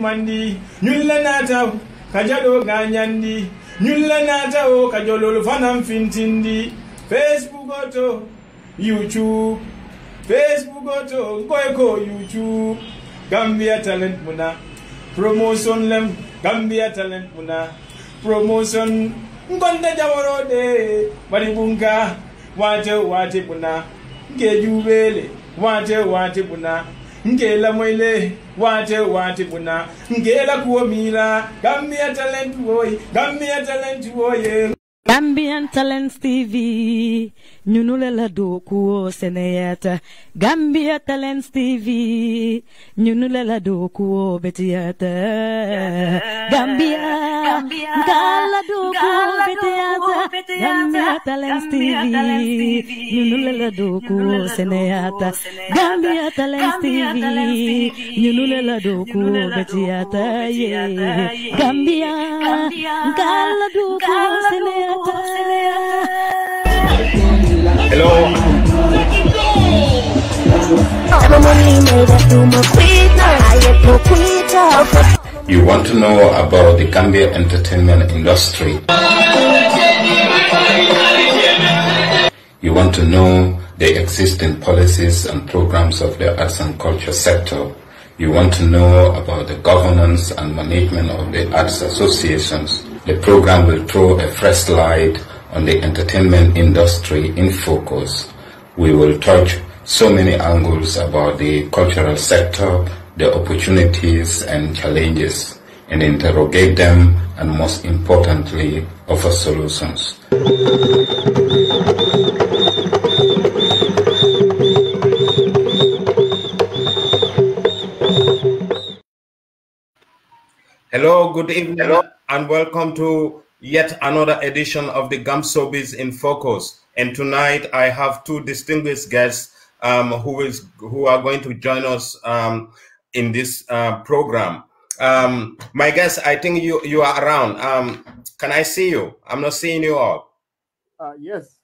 mandi ñulla naata ka jaɗo gañandi ñulla naata o ka jolol fanan fintindi facebook o youtube facebook o to koye ko youtube gambia talent muna promotion lem gambia talent muna promotion gonde jaworoɗe mbaɗi ɓunka wate wate muna ngejuɓele wate wate muna ngela mwele, wate wate buna ngela kuomila gambia talent boy gambia talent boy Gambian Talents TV, nyunule la dokuo seneyata Gambia Talents TV ñunu la la dokuo betiyata Gambia ngala dokuo betiyata Gambia Talents TV ñunu la la seneyata Gambia Talents TV ñunu la la dokuo betiyata ye Gambia ngala dokuo seneyata Hello You want to know about the Gambia entertainment industry? You want to know the existing policies and programs of the arts and culture sector. You want to know about the governance and management of the arts associations. The program will throw a fresh light on the entertainment industry in focus. We will touch so many angles about the cultural sector, the opportunities and challenges, and interrogate them, and most importantly, offer solutions. Hello, good evening, Hello. and welcome to yet another edition of the Gamsobis in Focus. And tonight I have two distinguished guests um, who is who are going to join us um, in this uh, program. Um, my guest, I think you you are around. Um, can I see you? I'm not seeing you all. Uh, yes.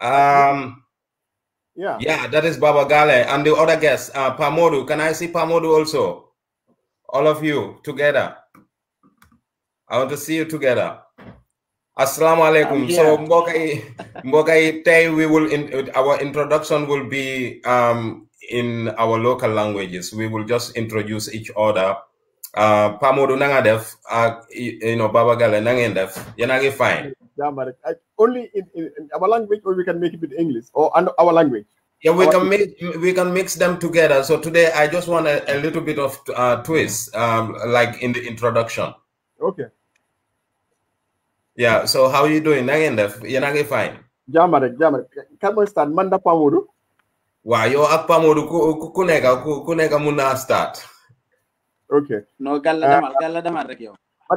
Um. Yeah. Yeah, that is Baba Gale and the other guest, uh, Pamodu. Can I see Pamodu also? All of you together. I want to see you together. Assalamu alaikum. So Mbokai, Mbokai today we will in, our introduction will be um, in our local languages. We will just introduce each other. Uh, nangadef, uh, you know, Baba Gala nangendef, yanagi fine. Uh, only in, in, in, our language, or we can make it with English or our language. Yeah, we our can make mix we can mix them together. So today, I just want a, a little bit of uh, twist, um, like in the introduction. Okay. Yeah, so how are you doing? Nangeen def you a ngi fine. Jàmm rek jàmm rek kan mooy start man da Pape Modou. waaw yow ak Pape Modou ku ku nekk ku nekk mun naa start. ok No. Galla demal uh, Galla demal rek yow. ma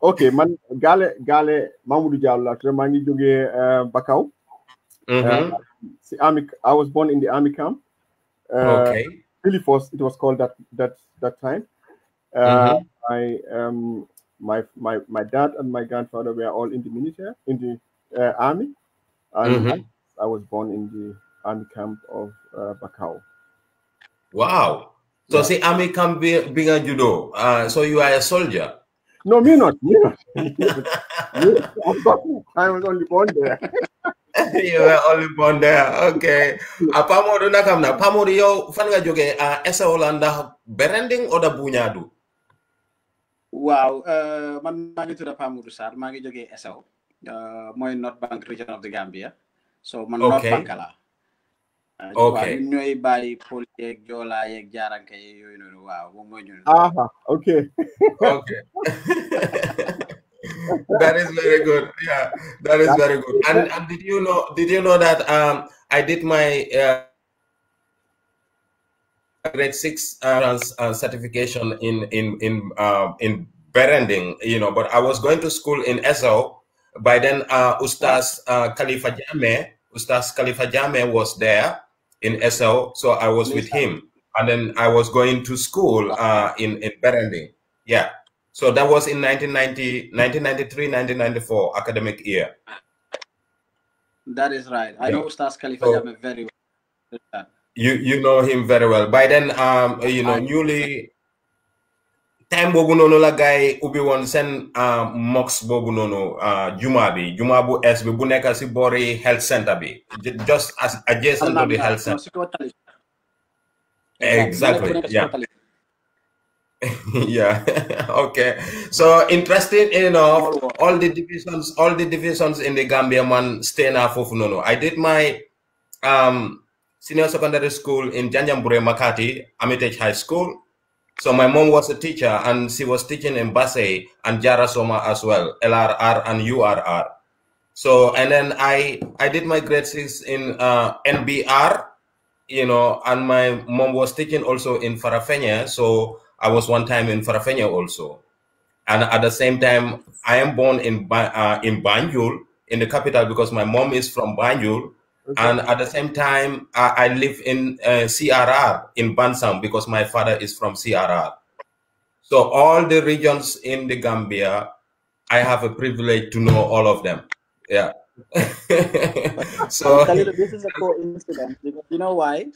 ok man Gale Gale Mamadou Diallo laa tudd maa ngi uh Bakaw. Mm-hmm. Uh, si army I was born in the army camp. Uh, okay. Really first it was called that that that time. Uh-huh. I um my my my dad and my grandfather were all in the military in the uh, army, and mm-hmm. I, I, was born in the army camp of uh, Bakau. Wow! So yeah. see, army camp being a judo. Uh, so you are a soldier. No, me not. Me not. I was only born there. you were only born there. Okay. Apa mo do na kam na? Pamo do yo fan nga joge a uh, esa Holanda berending oda bunyadu. Wow, uh, man maa ngi tudd Pape Modou Sarr maa ngi jógee SAO uh, mooy North Bank region of the Gambia so man North Bank laa uh, ok ñun ñooy bàyyi pol yeeg joolaa yeeg jaaranka yeeg yooyu noonu waaw moom mooy aha ok ok that is very good yeah that is very good and, and did you know did you know that um I did my uh, grade six uh, uh, certification in in in uh, in Berending, you know. But I was going to school in Esso. By then, uh, Ustaz uh, Khalifa Jame, Ustaz Khalifa Jame was there in Esso, so I was with him. And then I was going to school uh in in Berending, Yeah. So that was in 1990, 1993, 1994 academic year. That is right. I yeah. know Ustaz Khalifa so, Jame very well you you know him very well by then um eh, you know newly time boobu nono la guy ubi ubbi woon seen um, mox boobu noonu uh, juma bi juma bu es bi bu si boori health center bi just as adjacent to the health center exactly yeah yeah okay so interesting enough all the divisions all the divisions in the gambia man stay enough for noonu i did my um senior secondary school in Janjambure, Makati, Armitage High School. So my mom was a teacher and she was teaching in Basay and Jara Soma as well, LRR and URR. So, and then I, I did my grade six in uh, NBR, you know, and my mom was teaching also in Farafenya. So I was one time in Farafenya also. And at the same time, I am born in, uh, in Banjul, in the capital, because my mom is from Banjul and at the same time, I, I live in uh, CRR in Bansam because my father is from CRR. So all the regions in the Gambia, I have a privilege to know all of them. Yeah. so this is a coincidence because you know why?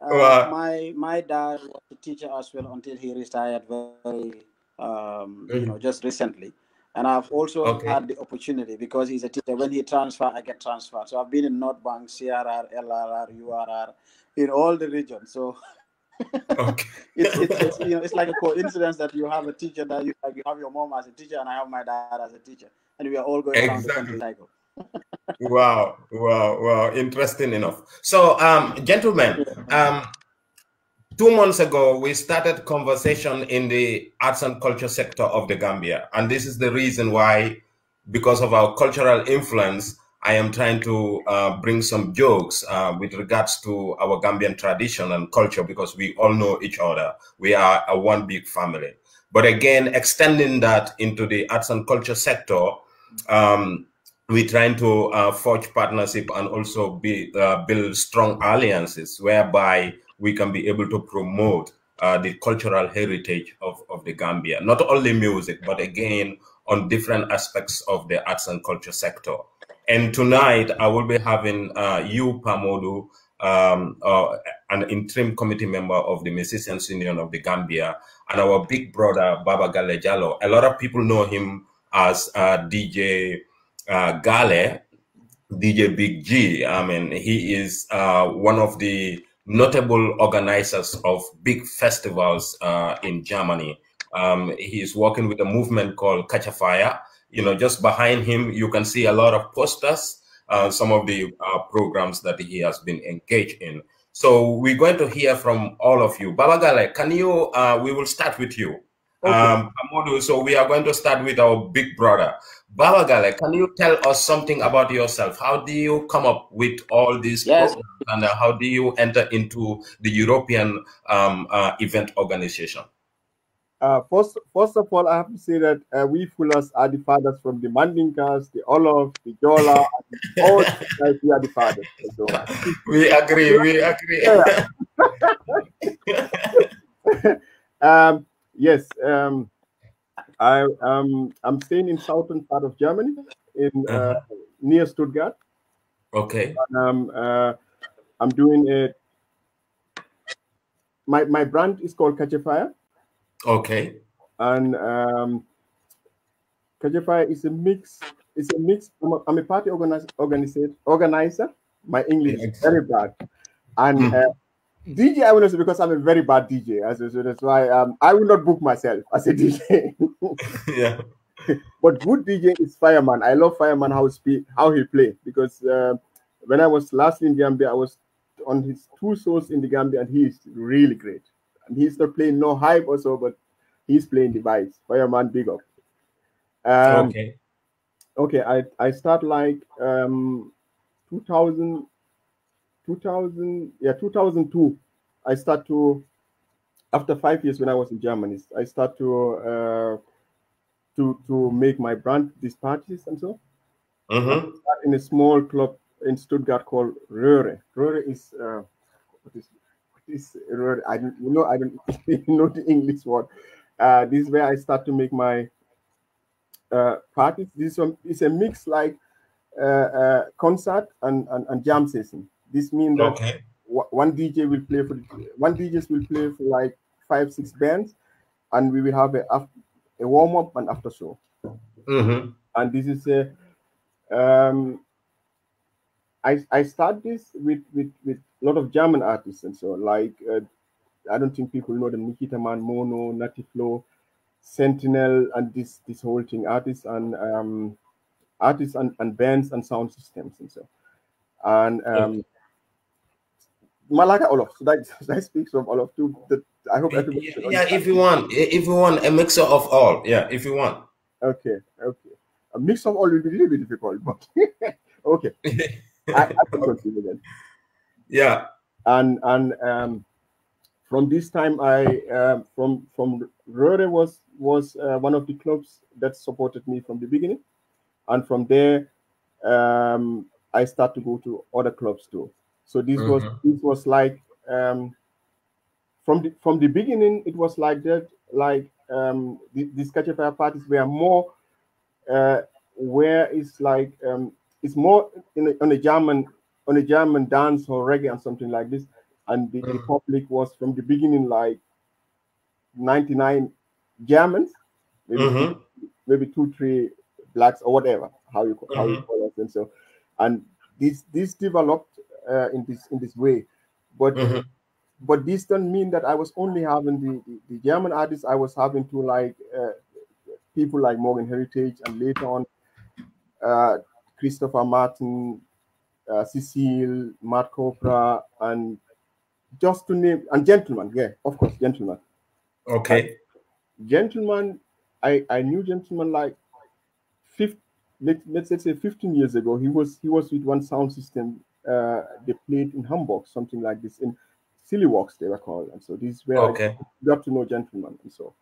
Uh, well, my my dad was a teacher as well until he retired very um, you mm-hmm. know just recently. And I've also okay. had the opportunity because he's a teacher. When he transfer, I get transferred. So I've been in North Bank, CRR, LRR, URR, in all the regions. So okay. it's, it's, it's, you know, it's like a coincidence that you have a teacher that you, like you have your mom as a teacher and I have my dad as a teacher, and we are all going exactly. around the wow, wow, wow! Interesting enough. So, um, gentlemen, um, two months ago, we started conversation in the arts and culture sector of the Gambia. And this is the reason why, because of our cultural influence, I am trying to uh, bring some jokes uh, with regards to our Gambian tradition and culture because we all know each other. We are a one big family. But again, extending that into the arts and culture sector, um, we're trying to uh, forge partnership and also be, uh, build strong alliances whereby we can be able to promote uh, the cultural heritage of, of the Gambia, not only music, but again, on different aspects of the arts and culture sector. And tonight, I will be having uh, you, Pamodu, um, uh, an interim committee member of the Musicians Union of the Gambia, and our big brother, Baba Gale A lot of people know him as uh, DJ uh, Gale, DJ Big G. I mean, he is uh, one of the notable organizers of big festivals uh, in Germany. Um, he's working with a movement called Catch a Fire. You know, just behind him, you can see a lot of posters, uh, some of the uh, programs that he has been engaged in. So we're going to hear from all of you. Babagale, can you, uh, we will start with you. Okay. Um, so we are going to start with our big brother. Babagale, can you tell us something about yourself? How do you come up with all these yes. programs and uh, how do you enter into the European um, uh, event organization? Uh, first, first of all, I have to say that uh, we Fullers are the fathers from the Mandinkas, the Olaf, the Jola, all we are the fathers. So. We agree, we agree. Yeah. um, yes. Um, I um I'm staying in southern part of Germany, in uh, uh near Stuttgart. Okay. And, um, uh, I'm doing it. My my brand is called Catch a Fire. Okay. And um, Catch a Fire is a mix. It's a mix. I'm a, I'm a party organizer, organizer. My English is very bad, and. Mm. Uh, DJ, I will not say because I'm a very bad DJ. So that's why um, I will not book myself as a DJ. yeah. But good DJ is Fireman. I love Fireman how he how he play because uh, when I was last in Gambia, I was on his two shows in the Gambia, and he is really great. And he's not playing no hype or so, but he's playing device. Fireman, big up. Um, okay. Okay, I I start like um 2000. 2000 yeah 2002 i start to after five years when i was in germany i start to uh, to to make my brand these parties and so mm-hmm. in a small club in stuttgart called röhre röhre is uh, what is what is röhre i don't you know i don't know the english word uh, this is where i start to make my uh, parties this one is a mix like uh, uh, concert and, and, and jam session this means that okay. one DJ will play for one DJs will play for like five six bands, and we will have a a warm up and after show. Mm-hmm. And this is a um, I, I start this with, with, with a lot of German artists and so like uh, I don't think people know the Nikita Man, Mono, Natty Flow, Sentinel, and this this whole thing artists and um, artists and, and bands and sound systems and so. And um, okay. Malaga Olaf. So that, that speaks from Olaf too. That I hope everybody. Yeah, if you want, if you want a mixer of all, yeah, if you want. Okay, okay. A mix of all will be a little bit difficult, but okay. I, I can continue then. Yeah. And and um, from this time, I um, from from Röhre was was uh, one of the clubs that supported me from the beginning, and from there, um, I start to go to other clubs too. So this mm-hmm. was this was like um, from the from the beginning it was like that. Like um, the, catch-fire parties were more uh, where it's like um, it's more a, on a German on a German dance or reggae and something like this. And the, mm-hmm. the mm. public was from the beginning like 99 Germans, maybe, mm-hmm. maybe two, three blacks or whatever, how you, how you mm-hmm. call it. And so, and this this developed uh, in this in this way but mm-hmm. but this does not mean that i was only having the, the, the german artists i was having to like uh, people like morgan heritage and later on uh, christopher martin uh, cecile matt copra and just to name and gentlemen yeah of course gentlemen okay and gentlemen i i knew gentlemen like 50 let, let's say 15 years ago he was he was with one sound system uh, they played in Hamburg, something like this, in Silly Walks, they were called. And so these were okay. got to know gentlemen. And so,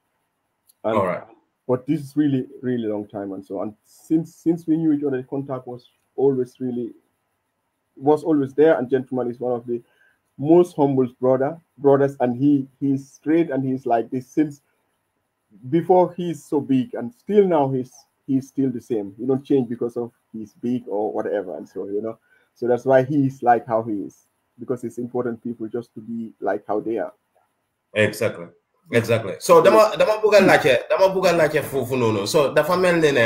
and, all right. But this is really, really long time. And so, and since since we knew each other, contact was always really was always there. And gentleman is one of the most humble brother brothers, and he he's straight and he's like this since before he's so big, and still now he's he's still the same. You don't change because of he's big or whatever. And so you know, so that's why he's like how he is, because it's important people just to be like how they are. Exactly. Exactly. So dama lache lache So the family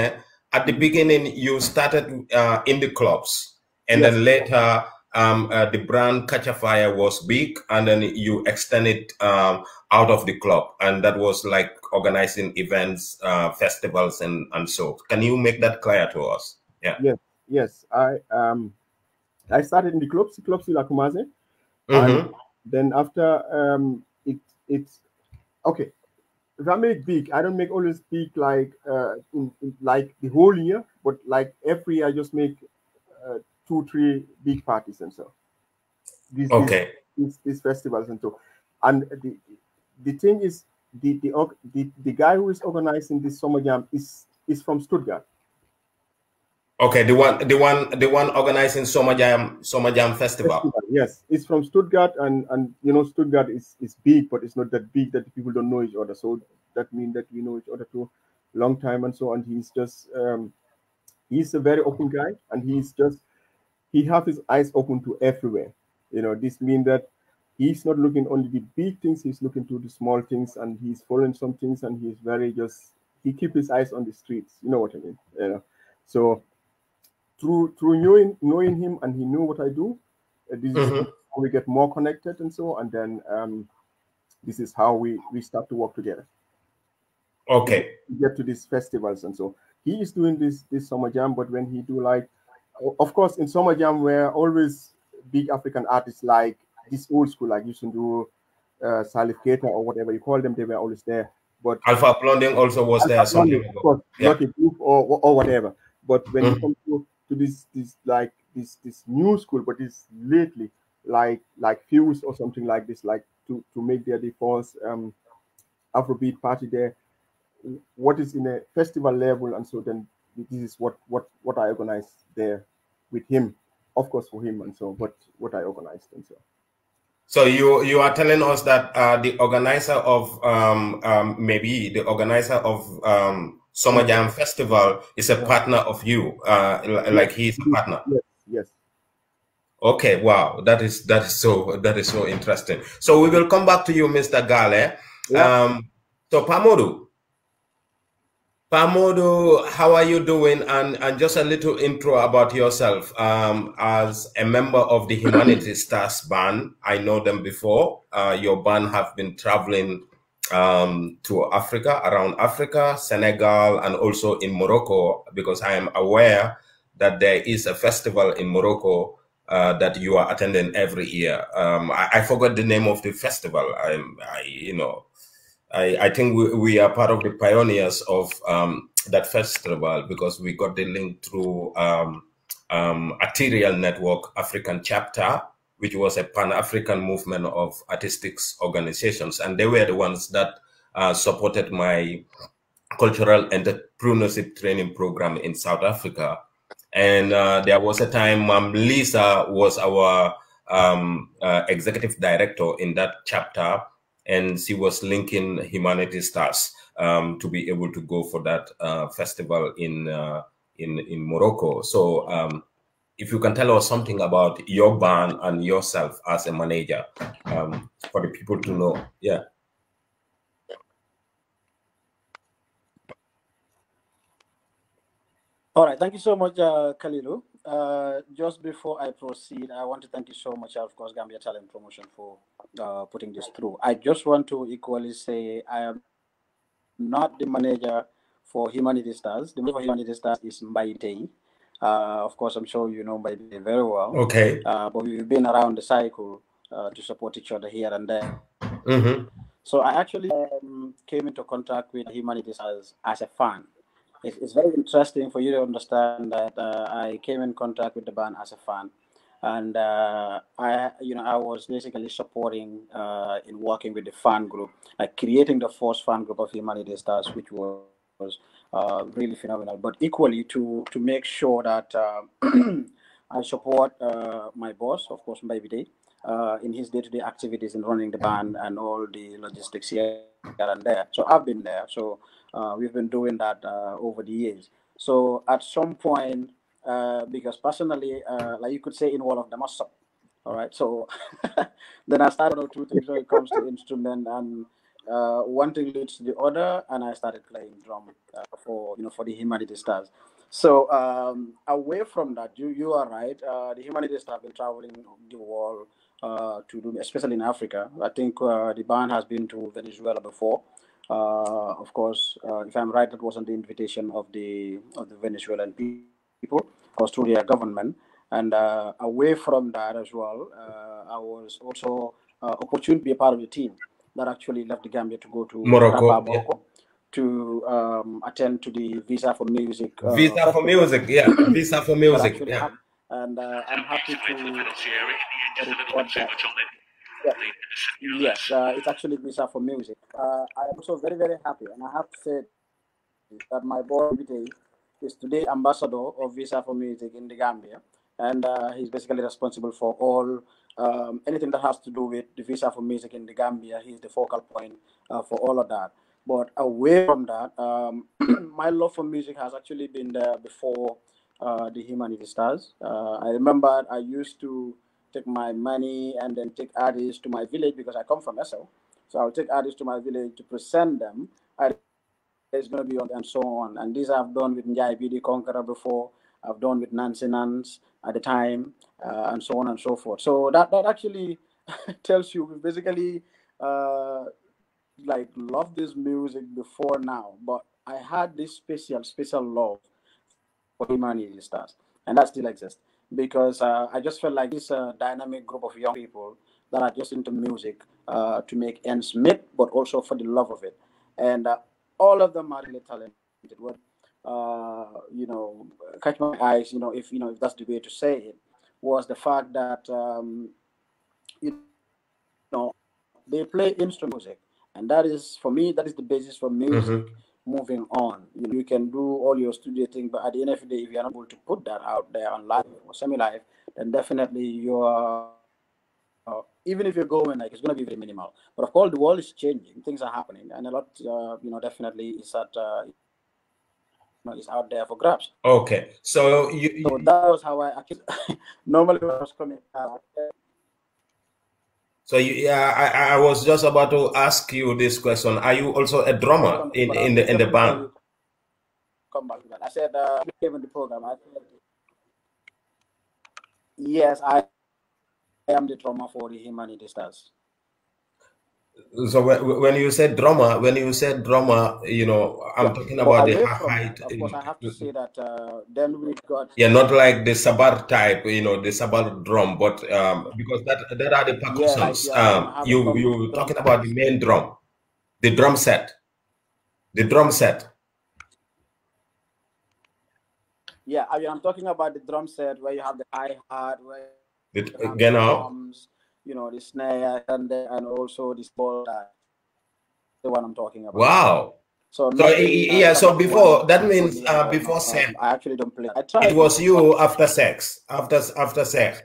at the beginning you started uh, in the clubs, and yes. then later um, uh, the brand Catch a Fire was big, and then you extended um, out of the club, and that was like organizing events, uh, festivals, and and so. Can you make that clear to us? Yeah. Yes. Yes. I um I started in the club, Club Lacumaze. Mm-hmm. And then after um, it it's okay. If I make big, I don't make always big like uh, in, in, like the whole year, but like every year I just make uh, two, three big parties and so. okay. These, these, these festivals and so, and the the thing is the the, the the guy who is organizing this summer jam is is from Stuttgart. Okay, the one, the one, the one organizing Summer Jam, Summer Jam Festival. Festival. Yes, it's from Stuttgart, and and you know Stuttgart is is big, but it's not that big that people don't know each other. So that means that we know each other too long time and so on. He's just um, he's a very open guy, and he's just he has his eyes open to everywhere. You know, this means that he's not looking only the big things; he's looking to the small things, and he's following some things, and he's very just he keep his eyes on the streets. You know what I mean? You know, so through through knowing knowing him and he knew what I do. Uh, this mm-hmm. is how we get more connected and so, and then um, this is how we we start to work together. Okay. We get to these festivals and so he is doing this this summer jam, but when he do like, of course, in summer jam we're always big African artists like this old school like you should do uh, Salif Keita or whatever you call them, they were always there. But Alpha Blonding also was Alpha there. Blonding, of course, yeah. not a group or, or whatever. But when mm-hmm. you come to to this this like this this new school, but it's lately like like Fuse or something like this, like to to make their default um, Afrobeat party there. What is in a festival level, and so then this is what what what I organized there with him, of course for him, and so but what I organized and so. So you you are telling us that uh, the organizer of um, um, maybe the organizer of um, Summer Jam Festival is a partner of you, uh, like he's a partner. Yes, yes. Okay, wow, that is that is so that is so interesting. So we will come back to you, Mr. Gale. Yeah. Um, so Pamodu, Pamodu, how are you doing? And and just a little intro about yourself. Um, as a member of the Humanity Stars band, I know them before. Uh, your band have been traveling um, to Africa, around Africa, Senegal, and also in Morocco, because I am aware that there is a festival in Morocco uh, that you are attending every year. Um, I, I, forgot the name of the festival. I, I you know, I, I think we, we, are part of the pioneers of um, that festival because we got the link through um, um Arterial Network African Chapter which was a pan-African movement of artistic organizations. And they were the ones that uh, supported my cultural entrepreneurship training program in South Africa. And uh, there was a time um, Lisa was our um, uh, executive director in that chapter, and she was linking Humanity Stars um, to be able to go for that uh, festival in, uh, in, in Morocco. So um, if you can tell us something about your band and yourself as a manager um, for the people to know. Yeah. All right. Thank you so much, uh, Kalilu. Uh, just before I proceed, I want to thank you so much, of course, Gambia Talent Promotion for uh, putting this through. I just want to equally say I am not the manager for Humanity Stars. The manager for Humanity Stars is Mbaitei. Uh, of course, I'm sure you know by very well. Okay. Uh, but we've been around the cycle uh, to support each other here and there. Mm-hmm. So I actually um, came into contact with humanities as, as a fan. It's, it's very interesting for you to understand that uh, I came in contact with the band as a fan. And uh, I, you know, I was basically supporting uh, in working with the fan group, like creating the first fan group of Humanities Stars, which was uh, really phenomenal. But equally, to to make sure that uh, I support uh, my boss, of course, Mbaye Day, uh, in his day-to-day activities in running the band and all the logistics here, and there. So I've been there. So we've been doing that over the years. So at some point, because personally, like you could say, in one of the muscle, all right. So then I started out two things when it comes to instrument and uh, one thing leads to the other, and I started playing drum uh, for you know for the Humanity Stars. So um, away from that, you you are right. Uh, the Humanity Stars have been traveling the world uh, to do, especially in Africa. I think uh, the band has been to Venezuela before. Uh, of course, if I'm right, that wasn't the invitation of the of the Venezuelan people, or through their government. And away from that as well, I was also opportunity to be a part of the team that actually left Gambia to go to Morocco, yeah. to um, attend to the Visa for Music. Uh, Visa for Music, yeah. Visa for Music, yeah. And uh, I'm happy to. share it. Yes, uh, it's actually Visa for Music. Uh, I'm also very, very happy, and I have to say that my boy today is today ambassador of Visa for Music in the Gambia, and uh, he's basically responsible for all um, anything that has to do with the visa for music in the Gambia, he's the focal point uh, for all of that. But away from that, um, my love for music has actually been there before uh, the Humanity Stars. Uh, I remember I used to take my money and then take artists to my village because I come from Esso. So I'll take artists to my village to present them. I, it's going to be on and so on. And these I've done with Njai B. The Conqueror before. I've done with Nancy Nance at the time, uh, and so on and so forth. So that that actually tells you we basically uh, like love this music before now, but I had this special special love for humanity stars, and that still exists because uh, I just felt like this uh, dynamic group of young people that are just into music uh, to make ends meet, but also for the love of it, and uh, all of them are really talented uh, you know, catch my eyes, you know, if you know if that's the way to say it, was the fact that um, you know they play instrument music, and that is for me that is the basis for music. Mm-hmm. Moving on, you know, you can do all your studio thing, but at the end of the day, if you're not able to put that out there on live or semi-live, then definitely you're uh, even if you're going like it's going to be very minimal but of course the world is changing things are happening and a lot uh, you know definitely is that. uh, know, is out there for grabs. Okay, so you, you... So that was how I actually, normally when I was coming out. So you, yeah, I, I was just about to ask you this question. Are you also a drummer in, in the in the band? Come back. I said uh, came in the program. I said, yes, I, I am the drummer for the Humanity Stars. So when you said drama, when you said drama, you know, I'm yeah, talking about the height. Of course, I have to uh, say that uh, then we got yeah, not like the sabar type, you know, the sabar drum, but um, because that that are the percussions. Yeah, yeah, um, you you talking about the main drum, the drum set, the drum set. Yeah, I mean, I'm talking about the drum set where you have the hi hat, where the, you drums, you know, the snare and and also this ball that the one I'm talking about. Wow. So, so yeah, so before that means uh, before sex. I actually don't play. I tried. It was you after sex, after after sex.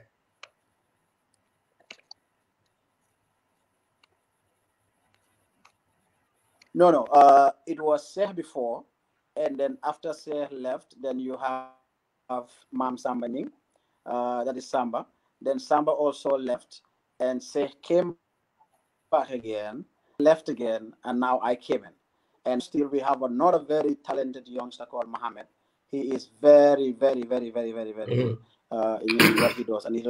No, no. Uh, it was sex before, and then after Seh left, then you have, have Mam Samba Ning, uh, that is Samba. Then Samba also left, and say came back again, left again, and now I came in. And still we have another very talented youngster called Mohammed. He is very, very, very, very, very, very good mm-hmm. uh, in what he does, and he's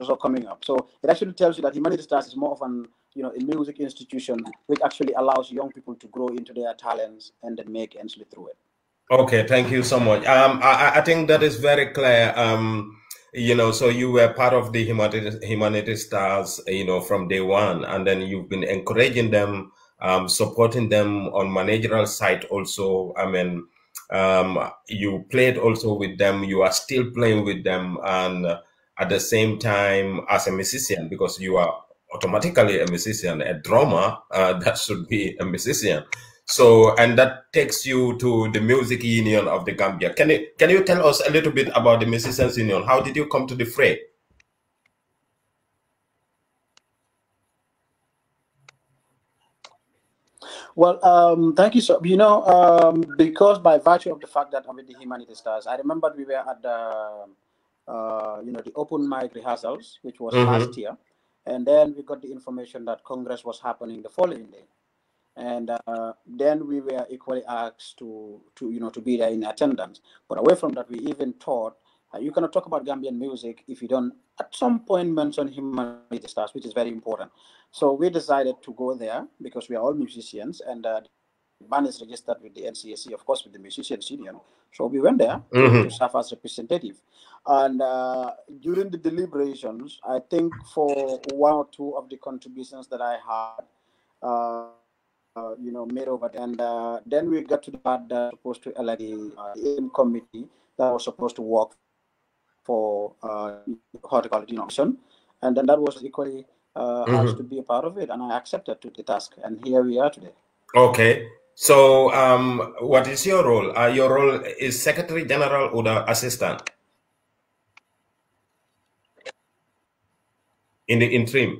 also coming up. So it actually tells you that Humanities Stars is more of an you know, a music institution which actually allows young people to grow into their talents and then make ends through it. Okay, thank you so much. Um, I, I think that is very clear. Um, you know so you were part of the humanity stars, you know from day one and then you've been encouraging them um, supporting them on managerial side also i mean um, you played also with them you are still playing with them and at the same time as a musician because you are automatically a musician a drummer uh, that should be a musician so, and that takes you to the Music Union of the Gambia. Can you can you tell us a little bit about the Musicians Union? How did you come to the fray? Well, um, thank you. So, you know, um, because by virtue of the fact that I'm with the Humanity Stars, I remember we were at the, uh, you know, the open mic rehearsals, which was mm -hmm. last year, and then we got the information that Congress was happening the following day and uh, then we were equally asked to to you know to be there in attendance but away from that we even taught uh, you cannot talk about gambian music if you don't at some point mention human stars which is very important so we decided to go there because we are all musicians and uh, the band is registered with the ncac of course with the musicians union so we went there mm -hmm. to serve as representative and uh, during the deliberations i think for one or two of the contributions that i had uh, uh, you know, made over. And uh, then we got to the part that supposed to elect the, uh, committee that was supposed to work for uh, horticulture auction. And then that was equally uh, mm -hmm. to be a part of it. And I accepted to the task. And here we are today. Okay. So, um, what is your role? Uh, your role is Secretary General or the assistant in the interim?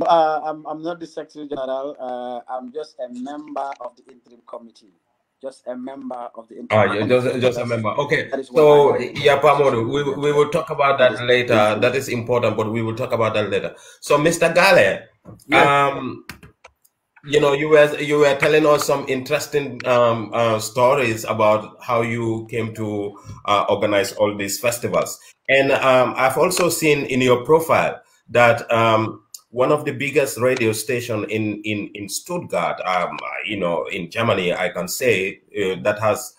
Uh, I'm, I'm not the Secretary General. Uh, I'm just a member of the interim committee. Just a member of the interim. Ah, committee. just, just a member. Okay. So, yeah, we, we will talk about that later. That is important, but we will talk about that later. So, Mr. Gale, um, you know, you were you were telling us some interesting um, uh, stories about how you came to uh, organize all these festivals, and um, I've also seen in your profile that um, one of the biggest radio station in in in Stuttgart, um, you know, in Germany, I can say uh, that has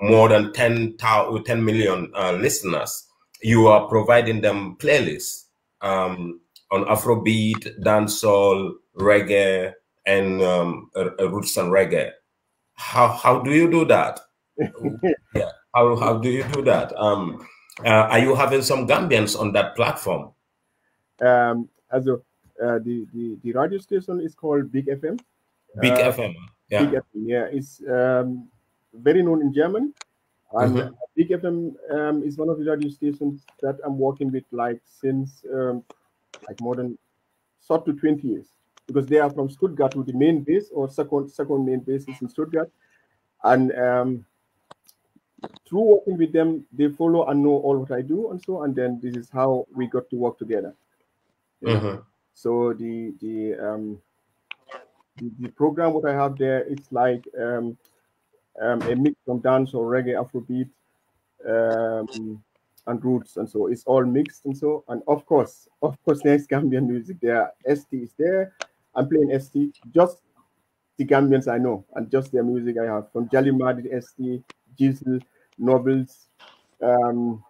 more than 10, 10 million uh, listeners. You are providing them playlists um, on Afrobeat, dancehall, reggae, and um, roots and reggae. How how do you do that? yeah, how how do you do that? Um, uh, are you having some Gambians on that platform? Um, also uh, the, the the radio station is called Big FM. Big uh, FM, yeah. Big FM, yeah. It's um, very known in German. And mm-hmm. Big FM um, is one of the radio stations that I'm working with like since um, like more than sort to 20 years because they are from Stuttgart to the main base or second second main base is in Stuttgart. And um, through working with them, they follow and know all what I do and so. And then this is how we got to work together. Yeah. Mm-hmm. So the the um, the, the, program what I have there, it's like um, um, a mix from dance or reggae, Afrobeat, um, and roots, and so it's all mixed and so. And of course, of course, there's Gambian music there. ST is there. I'm playing ST. Just the Gambians I know, and just their music I have from Jalimadi, ST, Jizzle, Nobles. Um,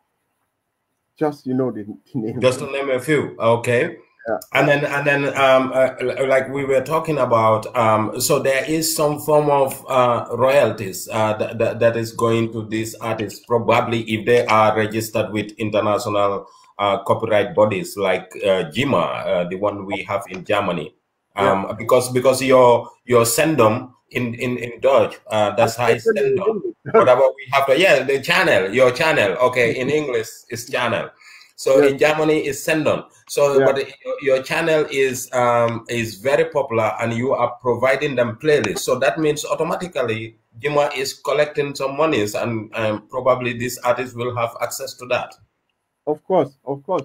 just you know the, the name. Just to name a few. Okay yeah. And then, and then, um, uh, like we were talking about, um, so there is some form of uh, royalties uh, that, that, that is going to these artists, probably if they are registered with international uh, copyright bodies like GEMA, uh, uh, the one we have in Germany, um, yeah. because because your your sendom in in in Dutch, that's how it's Whatever we have to, yeah, the channel, your channel. Okay, in English, is channel. So yeah. in Germany, it's Sendon. So yeah. but your channel is um, is very popular, and you are providing them playlists. So that means automatically, Jima is collecting some monies, and um, probably these artists will have access to that. Of course, of course.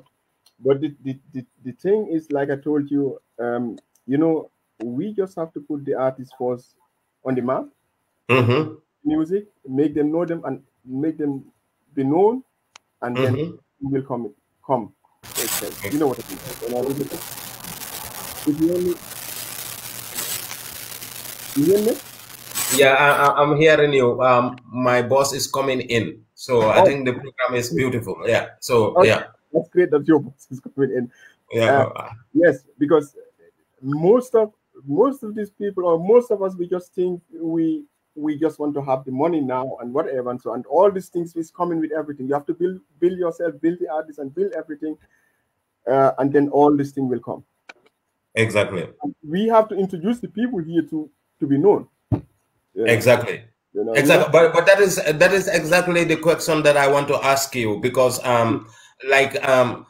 But the the, the, the thing is, like I told you, um, you know, we just have to put the artists first on the map. Mm -hmm. Music, make them know them, and make them be known, and mm -hmm. then mm-hmm. will come come. You know what I mean. you hear me? You hear me? Yeah, I, am hearing you. Um, my boss is coming in, so oh. I think the program is beautiful. Yeah. So okay. yeah. That's great that your boss is coming in. Yeah. Uh, yes, because most of most of these people or most of us we just think we we just want to have the money now and whatever and so and all these things is coming with everything you have to build build yourself build the artist and build everything uh, and then all this thing will come exactly and we have to introduce the people here to to be known yeah. exactly you know, exactly but, but that is that is exactly the question that i want to ask you because um like um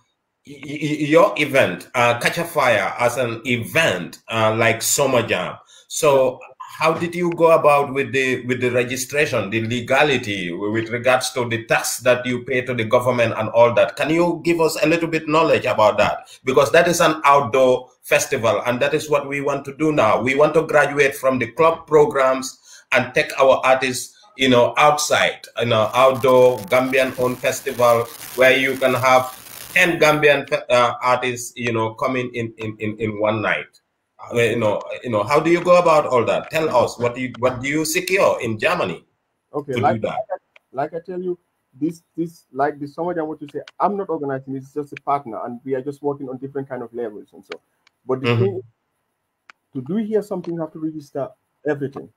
your event uh catch a fire as an event uh like summer jam so how did you go about with the with the registration, the legality with regards to the tax that you pay to the government and all that? Can you give us a little bit knowledge about that? Because that is an outdoor festival, and that is what we want to do now. We want to graduate from the club programs and take our artists you know, outside, you know, outdoor Gambian-owned festival where you can have 10 Gambian uh, artists, you know, coming in, in, in, in one night you know, you know, how do you go about all that? Tell us what do you what do you secure in Germany? Okay, like, like, I, like I tell you, this this like this. Somebody I want to say, I'm not organizing. It's just a partner, and we are just working on different kind of levels and so. But the mm-hmm. thing, to do here something, you have to register everything.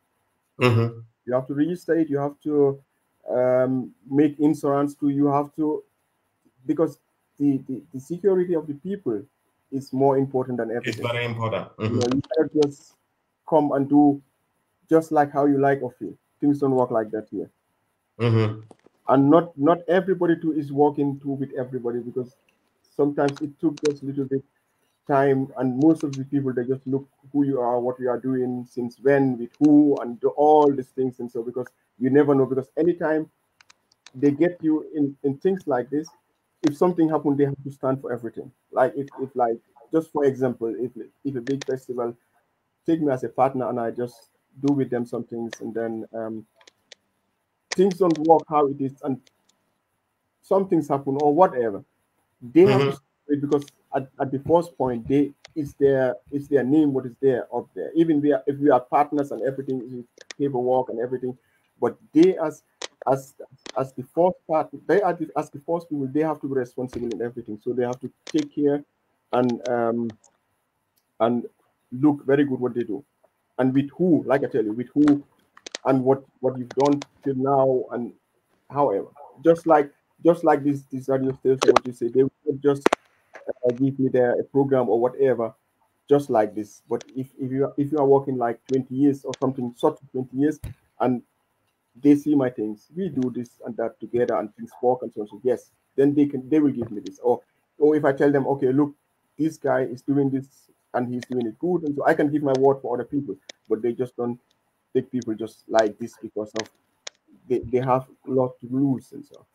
Mm-hmm. You have to register it. You have to um, make insurance too. You have to because the, the the security of the people is more important than everything. It's very important. Mm-hmm. You, know, you just come and do just like how you like or feel. Things don't work like that here. Mm-hmm. And not not everybody too is working too with everybody because sometimes it took just a little bit time and most of the people they just look who you are what you are doing since when with who and do all these things and so because you never know because anytime they get you in in things like this if something happened, they have to stand for everything. Like if, if like just for example, if if a big festival take me as a partner and I just do with them some things and then um, things don't work how it is and some things happen or whatever, they mm-hmm. have to because at, at the first point they is their their name what is there up there. Even we are, if we are partners and everything, paperwork and everything, but they as as as the fourth part, they are the, as the fourth people, they have to be responsible in everything. So they have to take care and um, and look very good what they do, and with who, like I tell you, with who, and what what you've done till now, and however, just like just like this this radio station, what you say, they will just uh, give me their a program or whatever, just like this. But if if you are, if you are working like twenty years or something, sort of twenty years, and they see my things. We do this and that together, and things work and so on. So yes, then they can they will give me this. Or or if I tell them, okay, look, this guy is doing this and he's doing it good, and so I can give my word for other people. But they just don't take people just like this because of they, they have a lot to lose and so.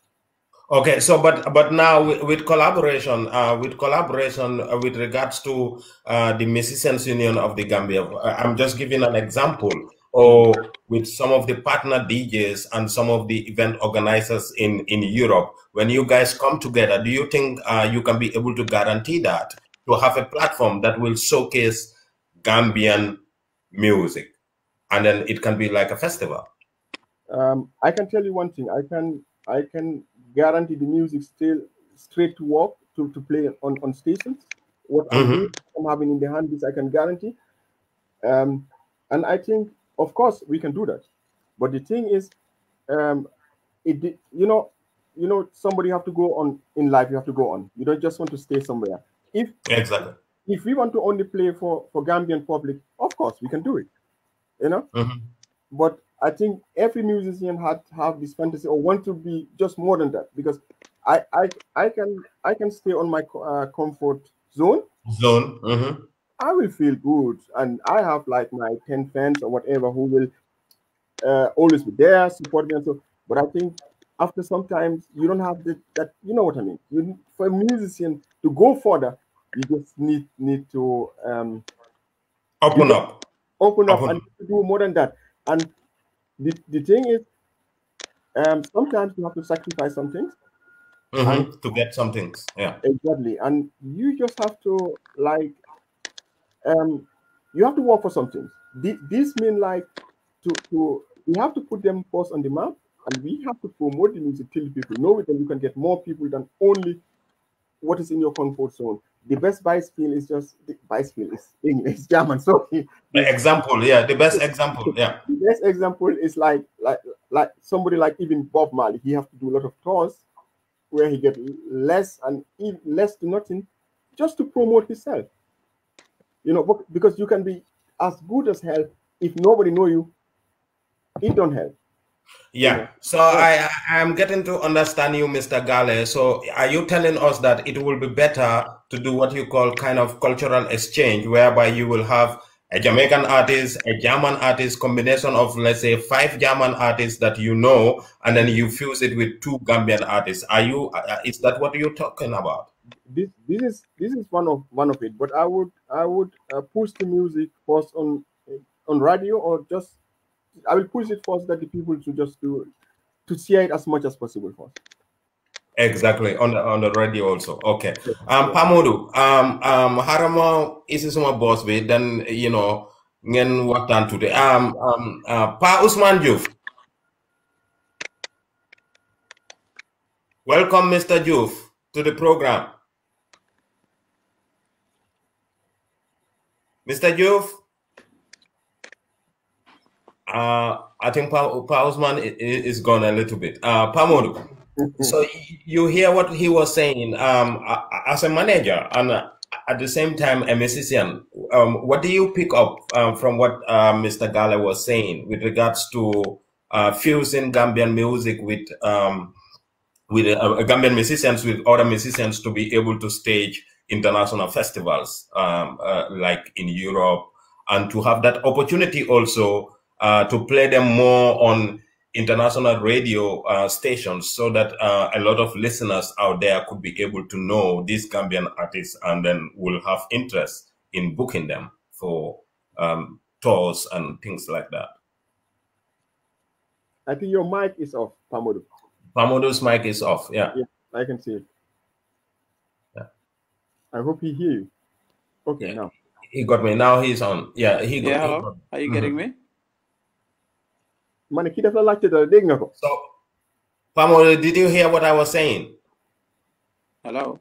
Okay, so but but now with, with collaboration, uh, with collaboration uh, with regards to uh, the musicians union of the Gambia, uh, I'm just giving an example or oh, with some of the partner DJs and some of the event organizers in, in Europe. When you guys come together, do you think uh, you can be able to guarantee that to have a platform that will showcase Gambian music? And then it can be like a festival. Um, I can tell you one thing. I can I can guarantee the music still straight to work to, to play on, on stations. What mm -hmm. I'm having in the hand is I can guarantee. Um, and I think of course, we can do that. But the thing is, um, it you know, you know, somebody have to go on in life. You have to go on. You don't just want to stay somewhere. If exactly, if we want to only play for for Gambian public, of course we can do it. You know, mm -hmm. but I think every musician had have this fantasy or want to be just more than that because I I I can I can stay on my uh, comfort zone zone. Mm -hmm. I will feel good. And I have like my 10 fans or whatever who will uh, always be there, support me and so. But I think after sometimes you don't have the, that, you know what I mean? You, for a musician to go further, you just need need to um, open up, open up, open. and do more than that. And the, the thing is, um, sometimes you have to sacrifice some things mm -hmm. and, to get some things. Yeah, exactly. And you just have to like um, you have to work for something. This means like to, to we have to put them first on the map, and we have to promote the music till people know it, and you can get more people than only what is in your comfort zone. The best vice field is just the vice field is English, German. So the example, yeah, the best example, yeah. The best example is like like like somebody like even Bob Marley. He has to do a lot of tours where he get less and less to nothing just to promote himself. You know, because you can be as good as hell if nobody know you. It don't help. Yeah. So I I'm getting to understand you, Mr. Gale. So are you telling us that it will be better to do what you call kind of cultural exchange, whereby you will have a Jamaican artist, a German artist, combination of let's say five German artists that you know, and then you fuse it with two Gambian artists. Are you? Uh, is that what you're talking about? this this is this is one of one of it. But I would I would uh, push the music first on on radio or just I will push it first that the people to just do to share it as much as possible first. Exactly on the on the radio also. Okay, um, Pamudu, um, um, harama isi semua bos be Then you know what done today. Um, um, uh, Pa Usman Juf. Welcome, Mr. Juf, to the program. Mr. Youth, uh, I think pa Pausman is gone a little bit. Uh, Pamodu, so you hear what he was saying um, as a manager and uh, at the same time a musician. Um, what do you pick up um, from what uh, Mr. Gala was saying with regards to uh, fusing Gambian music with um, with uh, Gambian musicians with other musicians to be able to stage international festivals um, uh, like in Europe, and to have that opportunity also uh, to play them more on international radio uh, stations so that uh, a lot of listeners out there could be able to know these Gambian artists and then will have interest in booking them for um, tours and things like that. I think your mic is off, Pamodu. Pamodu's mic is off, yeah. yeah I can see it. I hope he hear you. Okay, yeah. now. He got me. Now he's on. Yeah, he got, yeah, He got Are you mm -hmm. getting mm-hmm. me? Man, he doesn't like the thing. So, Pamela, did you hear what I was saying? Hello.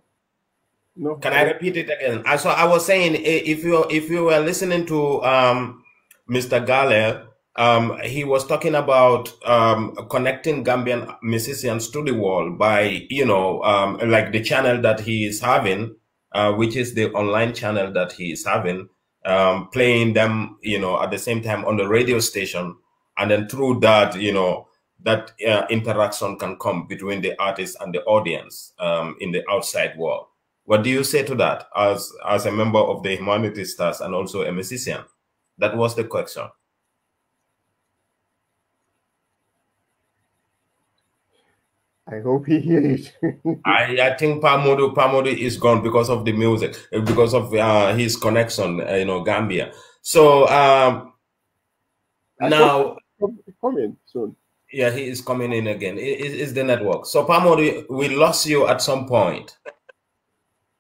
No. Can I repeat it again? So I was saying, if you if you were listening to um, Mr. Gale, um, he was talking about um, connecting Gambian musicians to the world by you know um, like the channel that he is having uh, which is the online channel that he is having, um, playing them, you know, at the same time on the radio station, and then through that, you know, that uh, interaction can come between the artist and the audience um, in the outside world. What do you say to that, as as a member of the Humanity stars and also a musician? That was the question. I hope he hears I, I think Pamodo Pamodo is gone because of the music, eh, because of uh, his connection, uh, you know, Gambia. So um, now coming soon. Yeah, he is coming in again. It, it, it's the network. So Pamodo, we lost you at some point.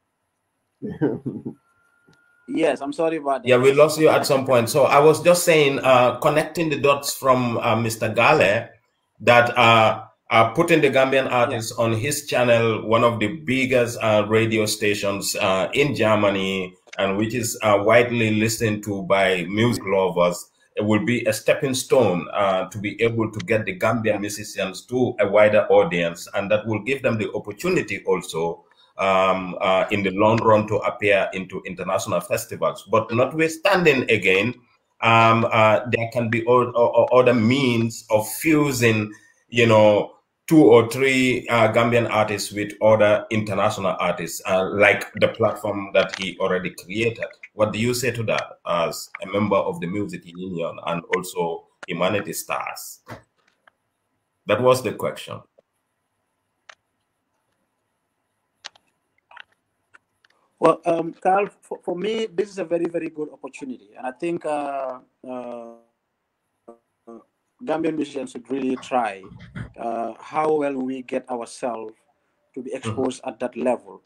yes, I'm sorry about that. Yeah, we lost you at some point. So I was just saying, uh, connecting the dots from uh, Mr. Gale, that uh, uh, putting the Gambian artist yeah. on his channel, one of the biggest uh, radio stations uh, in Germany, and which is uh, widely listened to by music lovers, it will be a stepping stone uh, to be able to get the Gambian musicians to a wider audience, and that will give them the opportunity also um, uh, in the long run to appear into international festivals. But notwithstanding, again, um, there can be other means of fusing, you know two or three uh, Gambian artists with other international artists, uh, like the platform that he already created. What do you say to that as a member of the Music Union and also Humanity Stars? That was the question. Well, um, Carl, for, for, me, this is a very, very good opportunity. And I think uh, uh Gambian musicians should really try uh, how well we get ourselves to be mm-hmm. exposed at that level.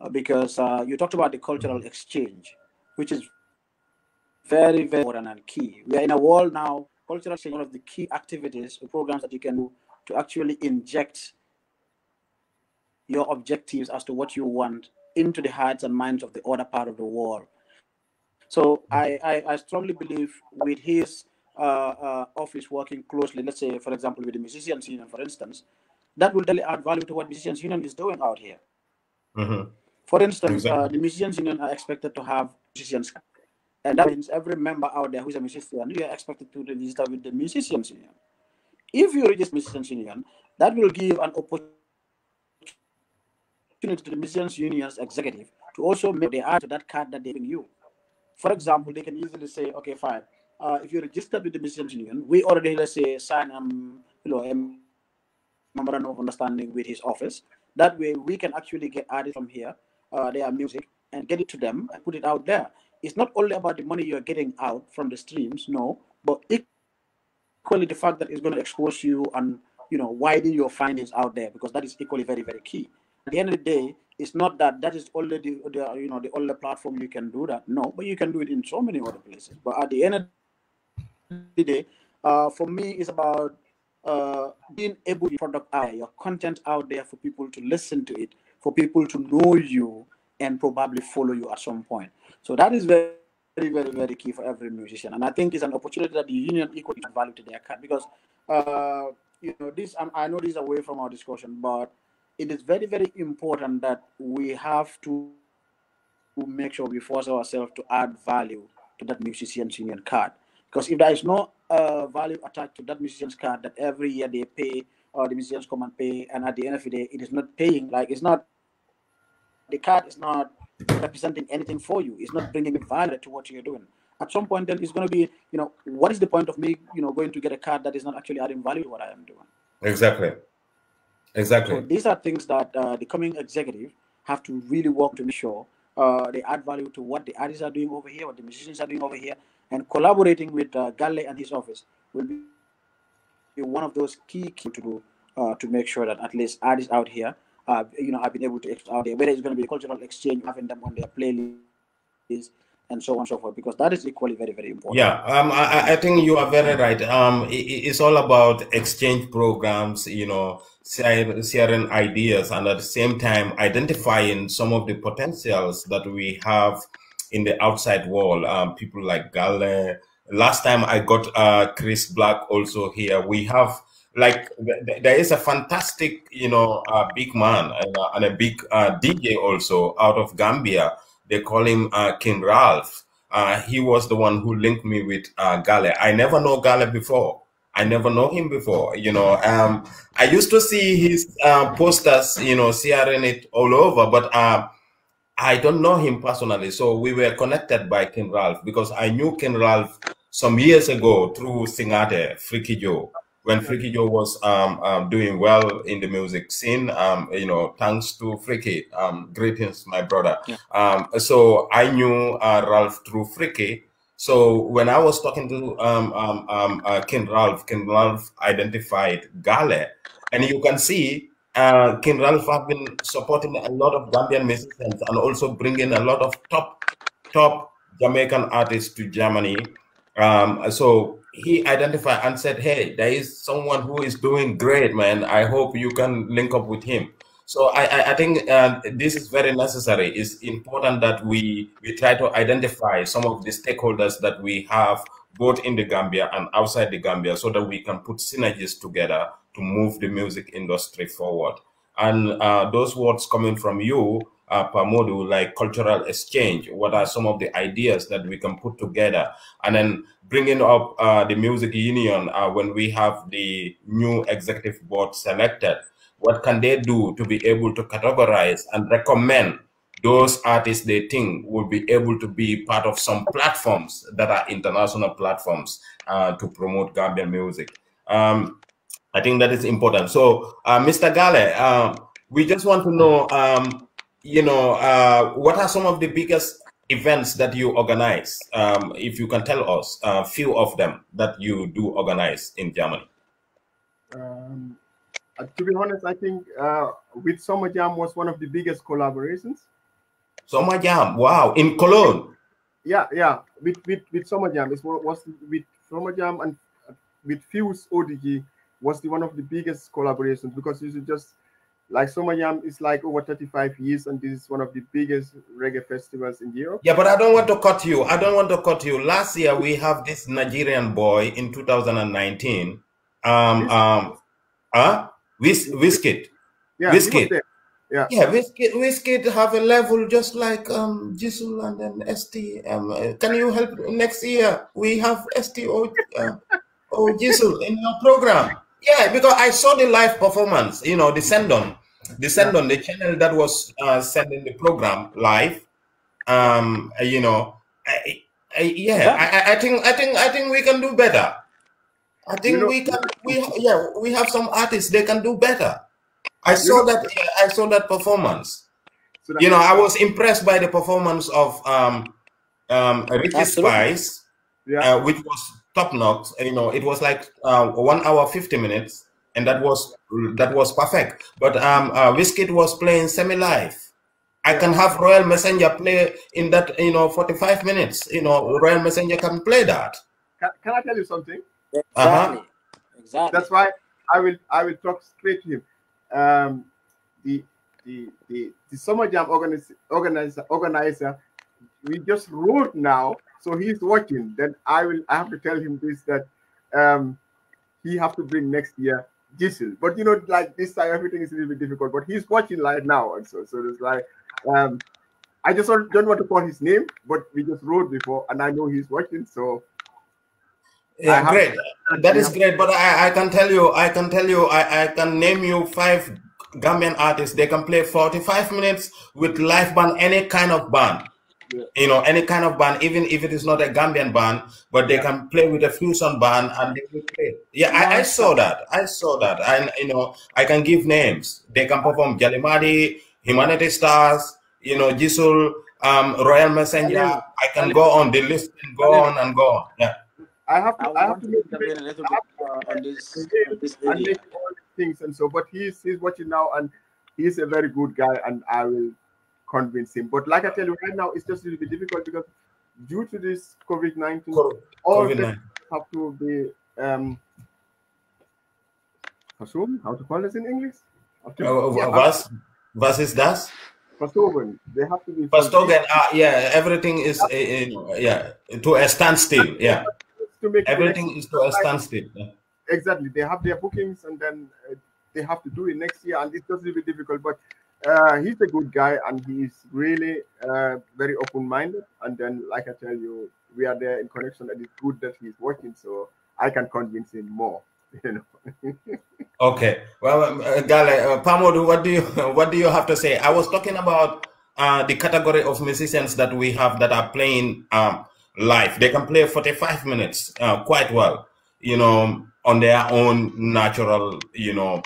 Uh, because uh, you talked about the cultural mm-hmm. exchange, which is very, very important and key. We are in a world now, cultural exchange, one of the key activities, programs that you can do to actually inject your objectives as to what you want into the hearts and minds of the other part of the world. So mm-hmm. I, I, I strongly believe with his uh, uh, office working closely, let's say, for example, with the Musicians Union, for instance, that will really add value to what Musicians Union is doing out here. Mm-hmm. For instance, uh, exactly. the Musicians Union are expected to have musicians. And that means every member out there who's a musician, you are expected to register with the Musicians Union. If you register Musicians Union, that will give an opportunity to the Musicians Union's executive to also make the add to that card that they giving you. For example, they can easily say, okay, fine, uh, if you're registered with the musicians union, we already let's say sign um you know a memorandum of understanding with his office. That way we can actually get added from here, uh, their music, and get it to them and put it out there. It's not only about the money you're getting out from the streams, no, but equally the fact that it's going to expose you and you know widen your findings out there because that is equally very very key. At the end of the day, it's not that that is only the, the you know the only platform you can do that. No, but you can do it in so many other places. But at the end of today uh, for me is about uh, being able to product out your content out there for people to listen to it, for people to know you and probably follow you at some point. So that is very, very, very key for every musician. And I think it's an opportunity that the union equally value to their cut because, uh, you know, this, I know this is away from our discussion, but it is very, very important that we have to make sure we force ourselves to add value to that musician's union card because if there is no uh, value attached to that musician's card that every year they pay or the musicians come and pay, and at the end of the day, it is not paying. Like it's not the card is not representing anything for you. It's not bringing value to what you're doing. At some point, then it's going to be, you know, what is the point of me, you know, going to get a card that is not actually adding value to what I am doing? Exactly. Exactly. So these are things that uh, the coming executive have to really work to make sure uh, they add value to what the artists are doing over here, what the musicians are doing over here, and collaborating with uh, Galle and his office will be one of those key key to do uh, to make sure that at least artists out here, uh, you know, have been able to out there, whether it's going to be cultural exchange, having them on their playlist and so on and so forth, because that is equally very, very important. Yeah, um, I, I think you are very right. Um, it, it's all about exchange programs, you know, sharing ideas, and at the same time, identifying some of the potentials that we have in the outside wall. Um, people like Galen. Last time I got uh, Chris Black also here. We have like th there is a fantastic, you know, uh, big man and, uh, and a big uh, DJ also out of Gambia. They call him uh, King Ralph. Uh, he was the one who linked me with uh, Gale. I never know Gale before. I never know him before. You know, um, I used to see his uh, posters, you know, sharing it all over, but uh, I don't know him personally, so we were connected by Ken Ralph because I knew Ken Ralph some years ago through Singate, Freaky Joe. When Freaky Joe was um, um, doing well in the music scene, um, you know, thanks to Freaky. Um, greetings, my brother. Yeah. Um, so I knew uh, Ralph through Freaky. So when I was talking to um, uh, Ken Ralph, Ken Ralph identified Gale, and you can see uh, King Ralph have been supporting a lot of Gambian musicians and also bringing a lot of top, top Jamaican artists to Germany. Um, so he identified and said, "Hey, there is someone who is doing great, man. I hope you can link up with him." So I, I, I think uh, this is very necessary. It's important that we we try to identify some of the stakeholders that we have both in the Gambia and outside the Gambia, so that we can put synergies together to move the music industry forward. And uh, those words coming from you, uh, Pamodu, like cultural exchange, what are some of the ideas that we can put together? And then bringing up uh, the music union uh, when we have the new executive board selected, what can they do to be able to categorize and recommend those artists they think will be able to be part of some platforms that are international platforms uh, to promote Gambian music. Um, I think that is important. So, uh, Mr. Gale, um, we just want to know, um, you know, uh, what are some of the biggest events that you organize? Um, if you can tell us a uh, few of them that you do organize in Germany. Um, uh, to be honest, I think uh, with Summer Jam was one of the biggest collaborations. Summer Jam, wow, in Cologne. Yeah, yeah, with with with Summer Jam, it was with Summer Jam and with Fuse ODG was the one of the biggest collaborations because this is just like Somayam is like over 35 years, and this is one of the biggest reggae festivals in Europe. Yeah, but I don't want to cut you. I don't want to cut you. Last year we have this Nigerian boy in 2019. Um, um, huh? Whis- Whiskit. Yeah, Whiskit. Yeah. yeah, Whiskit, Whiskit have a level just like um Jisul and then ST. Um, uh, can you help next year? We have ST or, uh, or Jisul in our program. Yeah, because I saw the live performance, you know, the send on, the send on, the channel that was uh, sending the program live. Um, uh, you know, I, I, yeah, yeah. I, I think, I think, I think we can do better. I think you know, we can. We yeah, we have some artists. They can do better. I saw know, that. I saw that performance. So that you know, I was impressed by the performance of um, um, Ricky Spice, yeah. uh, which was top notch. You know, it was like uh, one hour fifty minutes, and that was that was perfect. But um, uh, Whiskey was playing semi live. I can have Royal Messenger play in that, you know, 45 minutes. You know, Royal Messenger can play that. Can, can I tell you something? Uh-huh. Exactly. Uh-huh. Exactly. That's why I will I will talk straight to him. Um, the the the the summer jam organizer organizer organizer. We just wrote now so he's watching. Then I will. I have to tell him this that um, he have to bring next year Jesus. But you know, like this time everything is a little bit difficult. But he's watching live now also. So it's like um, I just don't want to call his name, but we just wrote before, and I know he's watching. So yeah, great. To, that is great. But I, I can tell you, I can tell you, I, I can name you five Gambian artists. They can play 45 minutes with live band, any kind of band you know, any kind of band, even if it is not a Gambian band, but they yeah. can play with a fusion band and they will play. Yeah, I, I, saw that. I saw that. And, you know, I can give names. They can perform Jalimadi, Humanity Stars, you know, Jisul, um, Royal Messenger. I, can go on the list and go on and go on. Yeah. I have to. I, I have to, to make a little bit uh, on this, this and make all things and so. But he's he's watching now, and he's a very good guy, and I will convince him. But like I tell you right now, it's just a little bit difficult because due to this COVID nineteen, all COVID-19. have to be um, assume how to call this in English. To, uh, yeah, was was is das? They have to be verstogen. Ah, yeah, everything is uh, yeah to a standstill. Yeah, to make everything is to a standstill. Yeah. Exactly. They have their bookings and then uh, they have to do it next year, and it's just a little bit difficult. But uh, he's a good guy and he's really uh, very open-minded. And then, like I tell you, we are there in connection, and it's good that he's working, so I can convince him more. You know. okay. Well, um, uh, Gale, uh, Pamodu, what do you what do you have to say? I was talking about uh, the category of musicians that we have that are playing um, live. They can play forty-five minutes uh, quite well, you know, on their own natural, you know,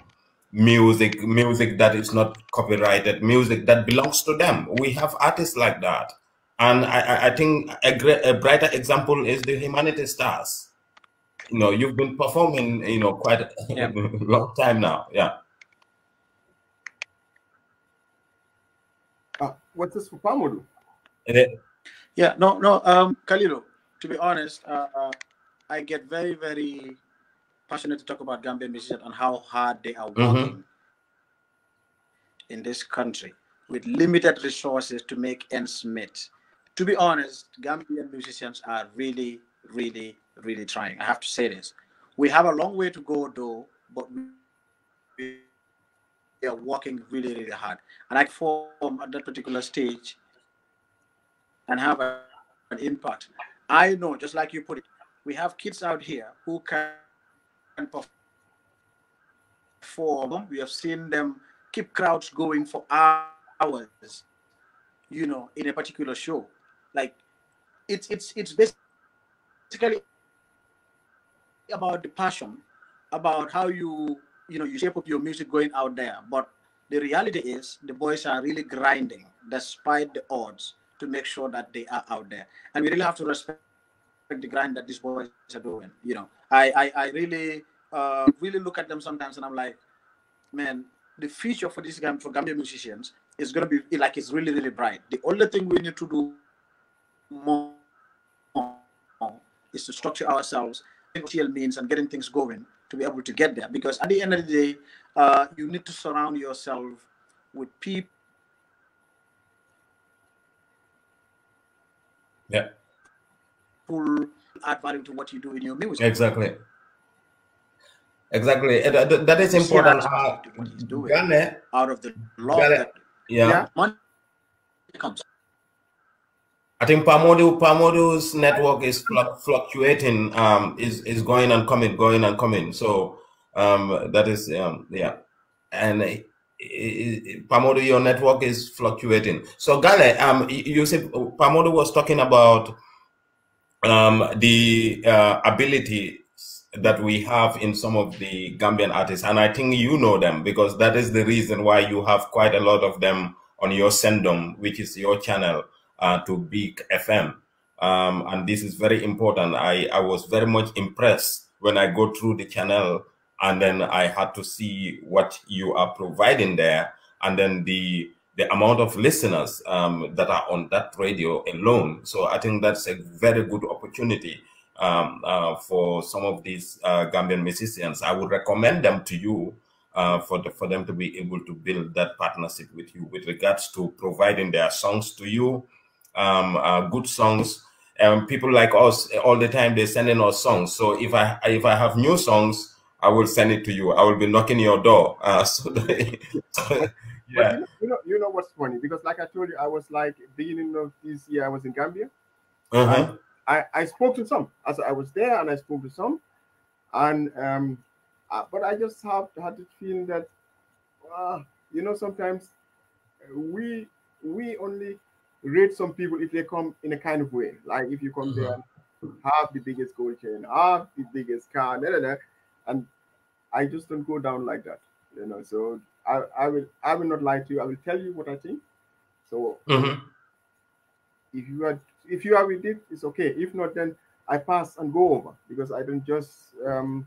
music, music that is not copyrighted, music that belongs to them. We have artists like that. And I, I think a, great, a brighter example is the Humanity Stars. You know, you've been performing, you know, quite a long time now. Yeah. Uh, what is Pamudu? Eh. Yeah, no, no, um, Kalilu, to be honest, uh, uh, I get very, very passionate to talk about Gambian musicians and how hard they are mm-hmm. working mm-hmm. in this country with limited resources to make ends meet. To be honest, Gambian musicians are really, really, really trying. I have to say this. We have a long way to go, though, but we are working really, really hard. And I form at that particular stage and have a, an impact. I know, just like you put it, we have kids out here who can and perform. We have seen them keep crowds going for hours, you know, in a particular show. Like it's it's it's basically about the passion, about how you you know you shape up your music going out there. But the reality is the boys are really grinding despite the odds to make sure that they are out there. And we really have to respect the grind that these boys are doing. You know, I I, I really uh, really look at them sometimes, and I'm like, man, the future for this game for Gambian musicians is gonna be like it's really really bright. The only thing we need to do more is to structure ourselves in means and getting things going to be able to get there. Because at the end of the day, uh, you need to surround yourself with people. Yeah pull add value to what you do in your music. Exactly. Exactly. that, that is important. Uh, out of the law. that, yeah. yeah. Money comes. I think Pamodu Pamodu's network is fluctuating. Um, is is going and coming, going and coming. So, um, that is um, yeah, and. Uh, Pamodu, your network is fluctuating. So, Gale, um, you see, Pamodu was talking about um, the uh, ability that we have in some of the Gambian artists, and I think you know them because that is the reason why you have quite a lot of them on your Sendom, which is your channel uh, to Big FM. Um, and this is very important. I, I was very much impressed when I go through the channel and then I had to see what you are providing there and then the the amount of listeners um, that are on that radio alone. So I think that's a very good opportunity um, uh, for some of these uh, Gambian musicians. I would recommend them to you uh, for the, for them to be able to build that partnership with you with regards to providing their songs to you, um, uh, good songs. And um, people like us uh, all the time they're sending us songs. So if I if I have new songs, I will send it to you. I will be knocking your door. Uh, so. Yeah. You know, you know, you know, what's funny because, like I told you, I was like beginning of this year, I was in Gambia. Uh-huh. I, I spoke to some as I was there, and I spoke to some, and um, I, but I just have had the feeling that, uh, you know, sometimes we we only rate some people if they come in a kind of way, like if you come mm-hmm. there, have the biggest gold chain, have the biggest car, and I just don't go down like that, you know. So I, I will I will not lie to you. I will tell you what I think. So mm-hmm. if you are if you are with it, it's okay. If not, then I pass and go over because I don't just um,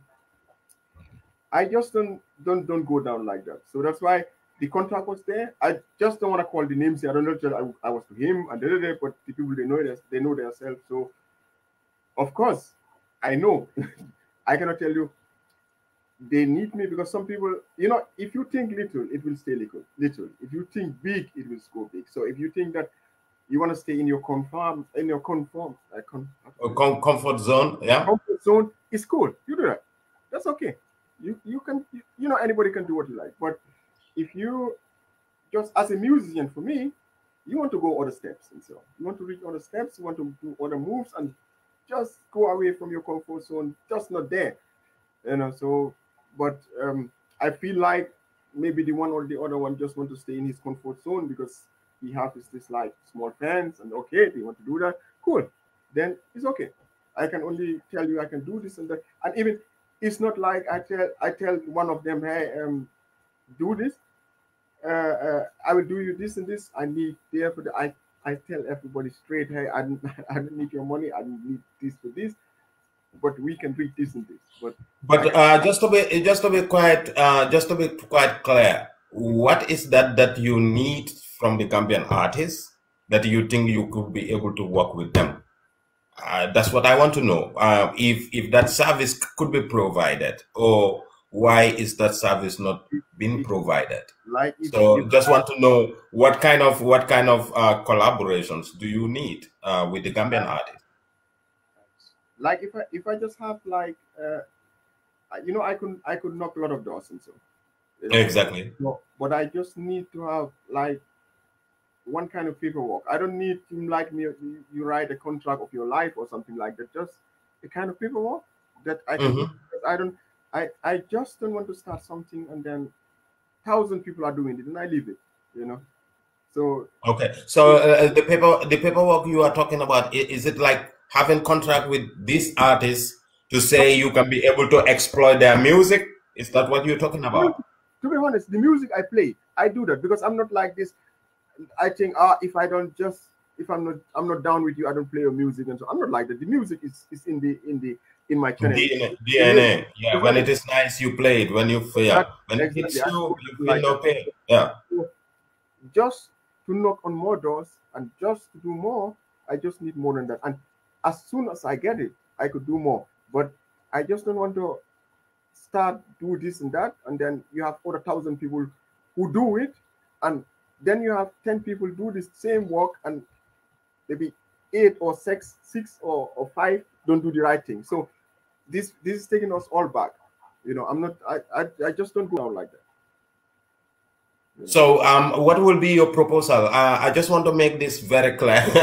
I just don't don't don't go down like that. So that's why the contract was there. I just don't want to call the names. I don't know. I, I was to him and the other da, but the people they know this, they know themselves. So of course, I know. I cannot tell you they need me because some people, you know, if you think little, it will stay little. Little. If you think big, it will go big. So if you think that you want to stay in your conform, in your conform, uh, con, oh, com comfort zone, yeah, comfort zone is cool. You do that. That's okay. You you can you, you know anybody can do what you like. But if you just as a musician, for me, you want to go other steps and so you want to reach other steps. You want to do other moves and just go away from your comfort zone. Just not there. You know. So but um, I feel like maybe the one or the other one just want to stay in his comfort zone because he has this like small fans and okay, they want to do that. Cool. Then it's okay. I can only tell you I can do this and that. And even it's not like I tell I tell one of them, hey, um, do this. Uh, uh, I will do you this and this. I need therefore I I tell everybody straight, hey, I don't, I don't need your money. I need this for this but we can do it this. But but uh, just to be uh, just to be quite uh, just to be quite clear, what is that that you need from the Gambian artists that you think you could be able to work with them? Uh, that's what I want to know. Uh, if if that service could be provided, or why is that service not being provided? Like if, so, if just want to know what kind of what kind of uh, collaborations do you need with the Gambian artists? like if I if I just have like uh, you know I could I could knock a lot of doors and so exactly. But I just need to have like one kind of paperwork. I don't need to like me you write a contract of your life or something like that. Just the kind of paperwork that I can, mm-hmm. I don't I I just don't want to start something and then thousand people are doing it and I leave it. You know. So okay. So uh, uh the paper the paperwork you are talking about is it like having contract with these artists to say you can be able to exploit their music? Is that what you're talking about? To be honest, the music I play, I do that because I'm not like this. I think, ah, uh, if I don't just if I'm not I'm not down with you, I don't play your music, and so I'm not like that. The music is is in the in the in my channel. DNA, DNA. yeah. When it is nice, you play it. When you yeah, when it hits you, you feel like no pain. Yeah. Just to knock on more doors and just to do more, I just need more than that. And as soon as I get it, I could do more. But I just don't want to start do this and that, and then you have thousand people who do it, and then you have ten people do the same work, and maybe eight or six, six or, or five don't do the right thing. So this this is taking us all back. You know, I'm not. I I, I just don't go out like that. So, um, what will be your proposal? Uh, I just want to make this very clear.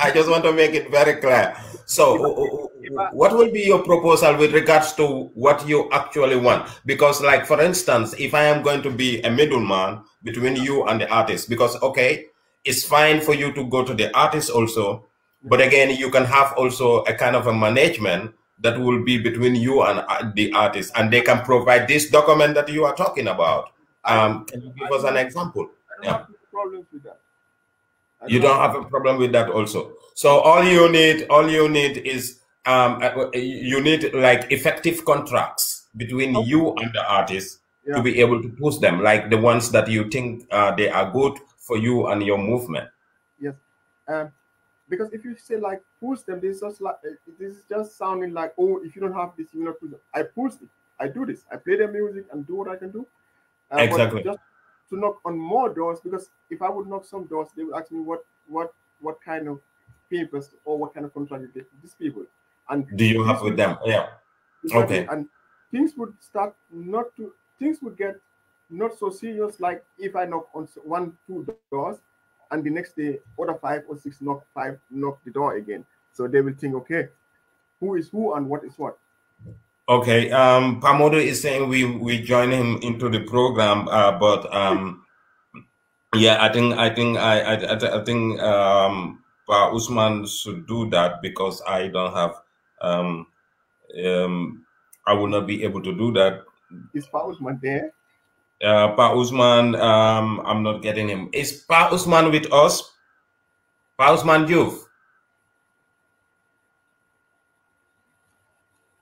I just want to make it very clear. So, what will be your proposal with regards to what you actually want? Because, like, for instance, if I am going to be a middleman between you and the artist, because, okay, it's fine for you to go to the artist also, but again, you can have also a kind of a management that will be between you and uh, the artist, and they can provide this document that you are talking about um, can you give us an example? I don't yeah. have problems with that. you don't have a problem with that also. So all you need, all you need is um, uh, uh, you need like effective contracts between okay. you and the artist yeah. to be able to push them, like the ones that you think uh, they are good for you and your movement. Yes, um, because if you say like push them, this is just like uh, this is just sounding like oh, if you don't have this, you are not push them. I push it. I do this. I play the music and do what I can do. Uh, exactly. Just to knock on more doors because if I would knock some doors, they would ask me what what what kind of papers or what kind of contract you get these people. And do you have with them? Yeah. Okay. And things would start not to things would get not so serious like if I knock on one two doors and the next day other five or six knock five knock the door again. So they will think, okay, who is who and what is what. Okay, um, Pamodo is saying we we join him into the program, uh, but um, yeah, I think I think I I, I think um, Pa Usman should do that because I don't have um, um, I will not be able to do that. Is Pa Usman there? Uh, pa Usman, um, I'm not getting him. Is Pa Usman with us? Pa Usman Youth.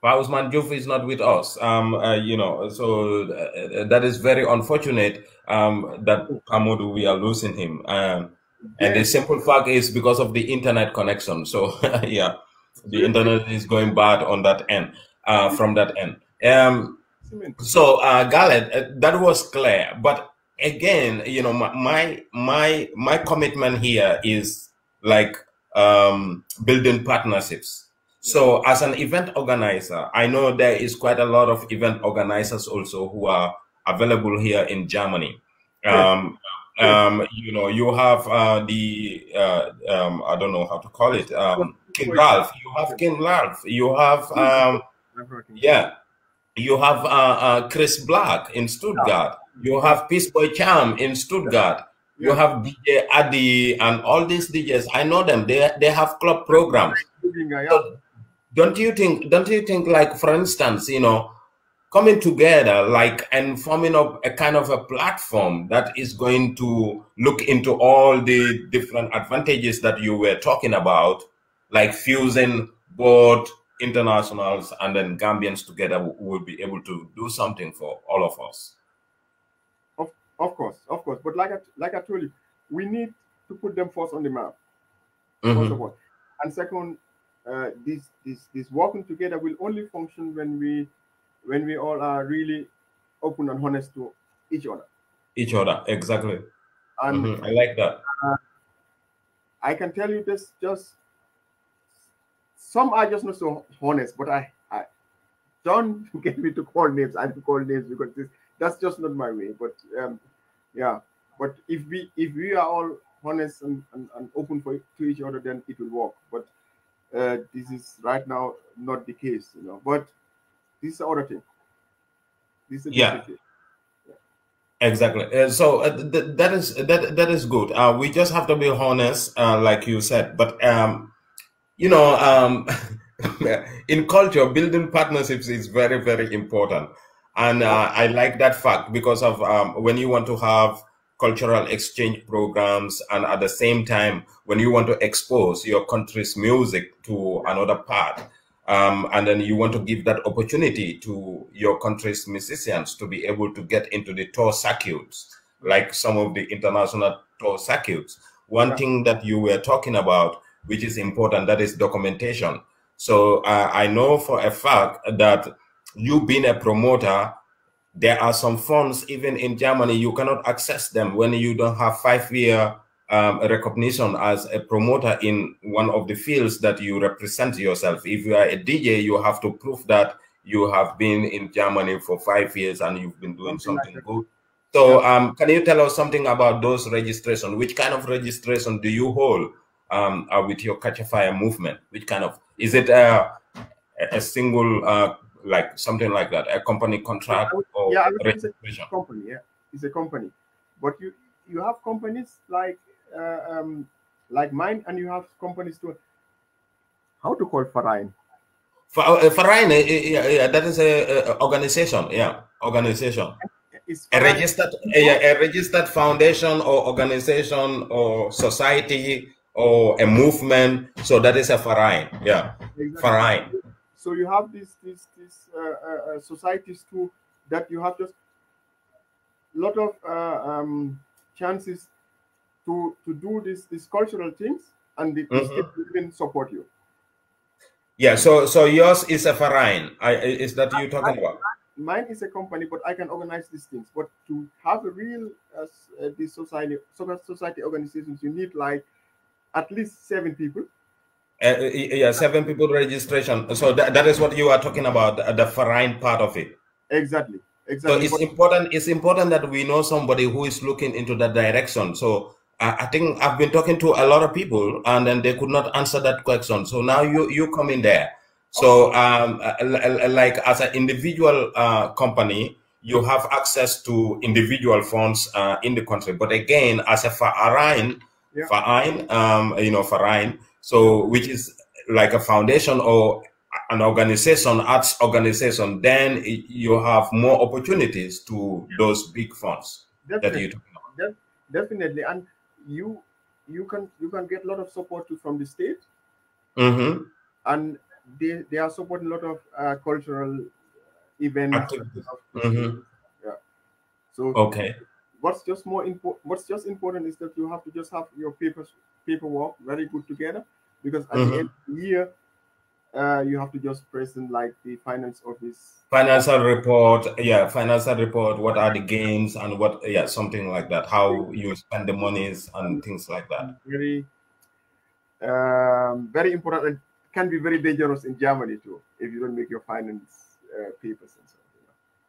Why Usman is not with us? Um, uh, you know, so uh, that is very unfortunate um, that Kamudu, we are losing him. Um, and the simple fact is because of the internet connection. So, yeah, the internet is going bad on that end, uh, from that end. Um, so, uh, Galet, uh, that was clear. But again, you know, my my my commitment here is like um, building partnerships so as an event organizer, I know there is quite a lot of event organizers also who are available here in Germany. Um, um, you know, you have uh, the, uh, um, I don't know how to call it, um, King Ralph, you have King Ralph, you have, um, yeah, you have uh, uh, Chris Black in Stuttgart, you have Peace Boy Cham in Stuttgart, you have DJ Adi and all these DJs. I know them. They they have club programs. So don't you think don't you think like for instance you know coming together like and forming up a kind of a platform that is going to look into all the different advantages that you were talking about like fusing both internationals and then gambians together will be able to do something for all of us of, of course of course but like I, like i told you we need to put them first on the map mm -hmm. first mm-hmm. of all and second uh, this this this working together will only function when we when we all are really open and honest to each other each other exactly and mm-hmm. i like that uh, i can tell you this just some are just not so honest but i i don't get me to call names i don't call names because this, that's just not my way but um yeah but if we if we are all honest and, and, and open for to each other then it will work but uh, this is right now not the case, you know. But this is other thing. This is yeah. yeah. Exactly. Uh, so uh, th that is that that is good. Uh, we just have to be honest, uh, like you said. But um, you know, um, in culture, building partnerships is very very important, and uh, I like that fact because of um, when you want to have cultural exchange programs. And at the same time, when you want to expose your country's music to another part, um, and then you want to give that opportunity to your country's musicians to be able to get into the tour circuits, like some of the international tour circuits. One yeah. thing that you were talking about, which is important, that is documentation. So uh, I know for a fact that you being a promoter there are some funds even in Germany you cannot access them when you don't have five-year um, recognition as a promoter in one of the fields that you represent yourself. If you are a DJ, you have to prove that you have been in Germany for five years and you've been doing something good. So, um, can you tell us something about those registration? Which kind of registration do you hold um, uh, with your Catch a Fire movement? Which kind of is it uh, a, a single uh, like something like that, a company contract or yeah, registration. company, yeah, it's a company. But you you have companies like uh, um, like mine, and you have companies too. How to call Farain? Uh, Farain, eh, eh, yeah, yeah, that is a, a organization, yeah, organization. It's a registered a, a registered foundation or organization or society or a movement. So that is a Farain, yeah, exactly. So you have these these these uh, uh, uh, societies too that you have just a lot of uh, um, chances to to do these these cultural things, and the mm -hmm. support you. Yeah. So so yours is a foreign. I, is that you talking I, about? Mine is a company, but I can organize these things. But to have a real uh, uh this society society organizations, you need like at least seven people. Uh, yeah, seven people registration. So that, that is what you are talking about, uh, the foreign part of it. Exactly. Exactly. So it's important. It's important that we know somebody who is looking into that direction. So I, I, think I've been talking to a lot of people, and then they could not answer that question. So now you you come in there. So um, like as an individual uh, company, you have access to individual funds uh, in the country. But again, as a foreign, yeah. foreign, um, you know, foreign so, which is like a foundation or an organization, arts organization, then you have more opportunities to those big funds definitely. that you De definitely, and you you can you can get a lot of support from the state, mm -hmm. and they they are supporting a lot of uh, cultural events. Mm-hmm. Yeah. So okay. What's just more important? What's just important is that you have to just have your papers people work very good together because at mm -hmm. the mm-hmm. end of the year, uh, you have to just present like the finance office financial report. Yeah, financial report. What are the gains and what? Yeah, something like that. How you spend the monies and things like that. Very, um, very important and can be very dangerous in Germany too if you don't make your finance uh, papers.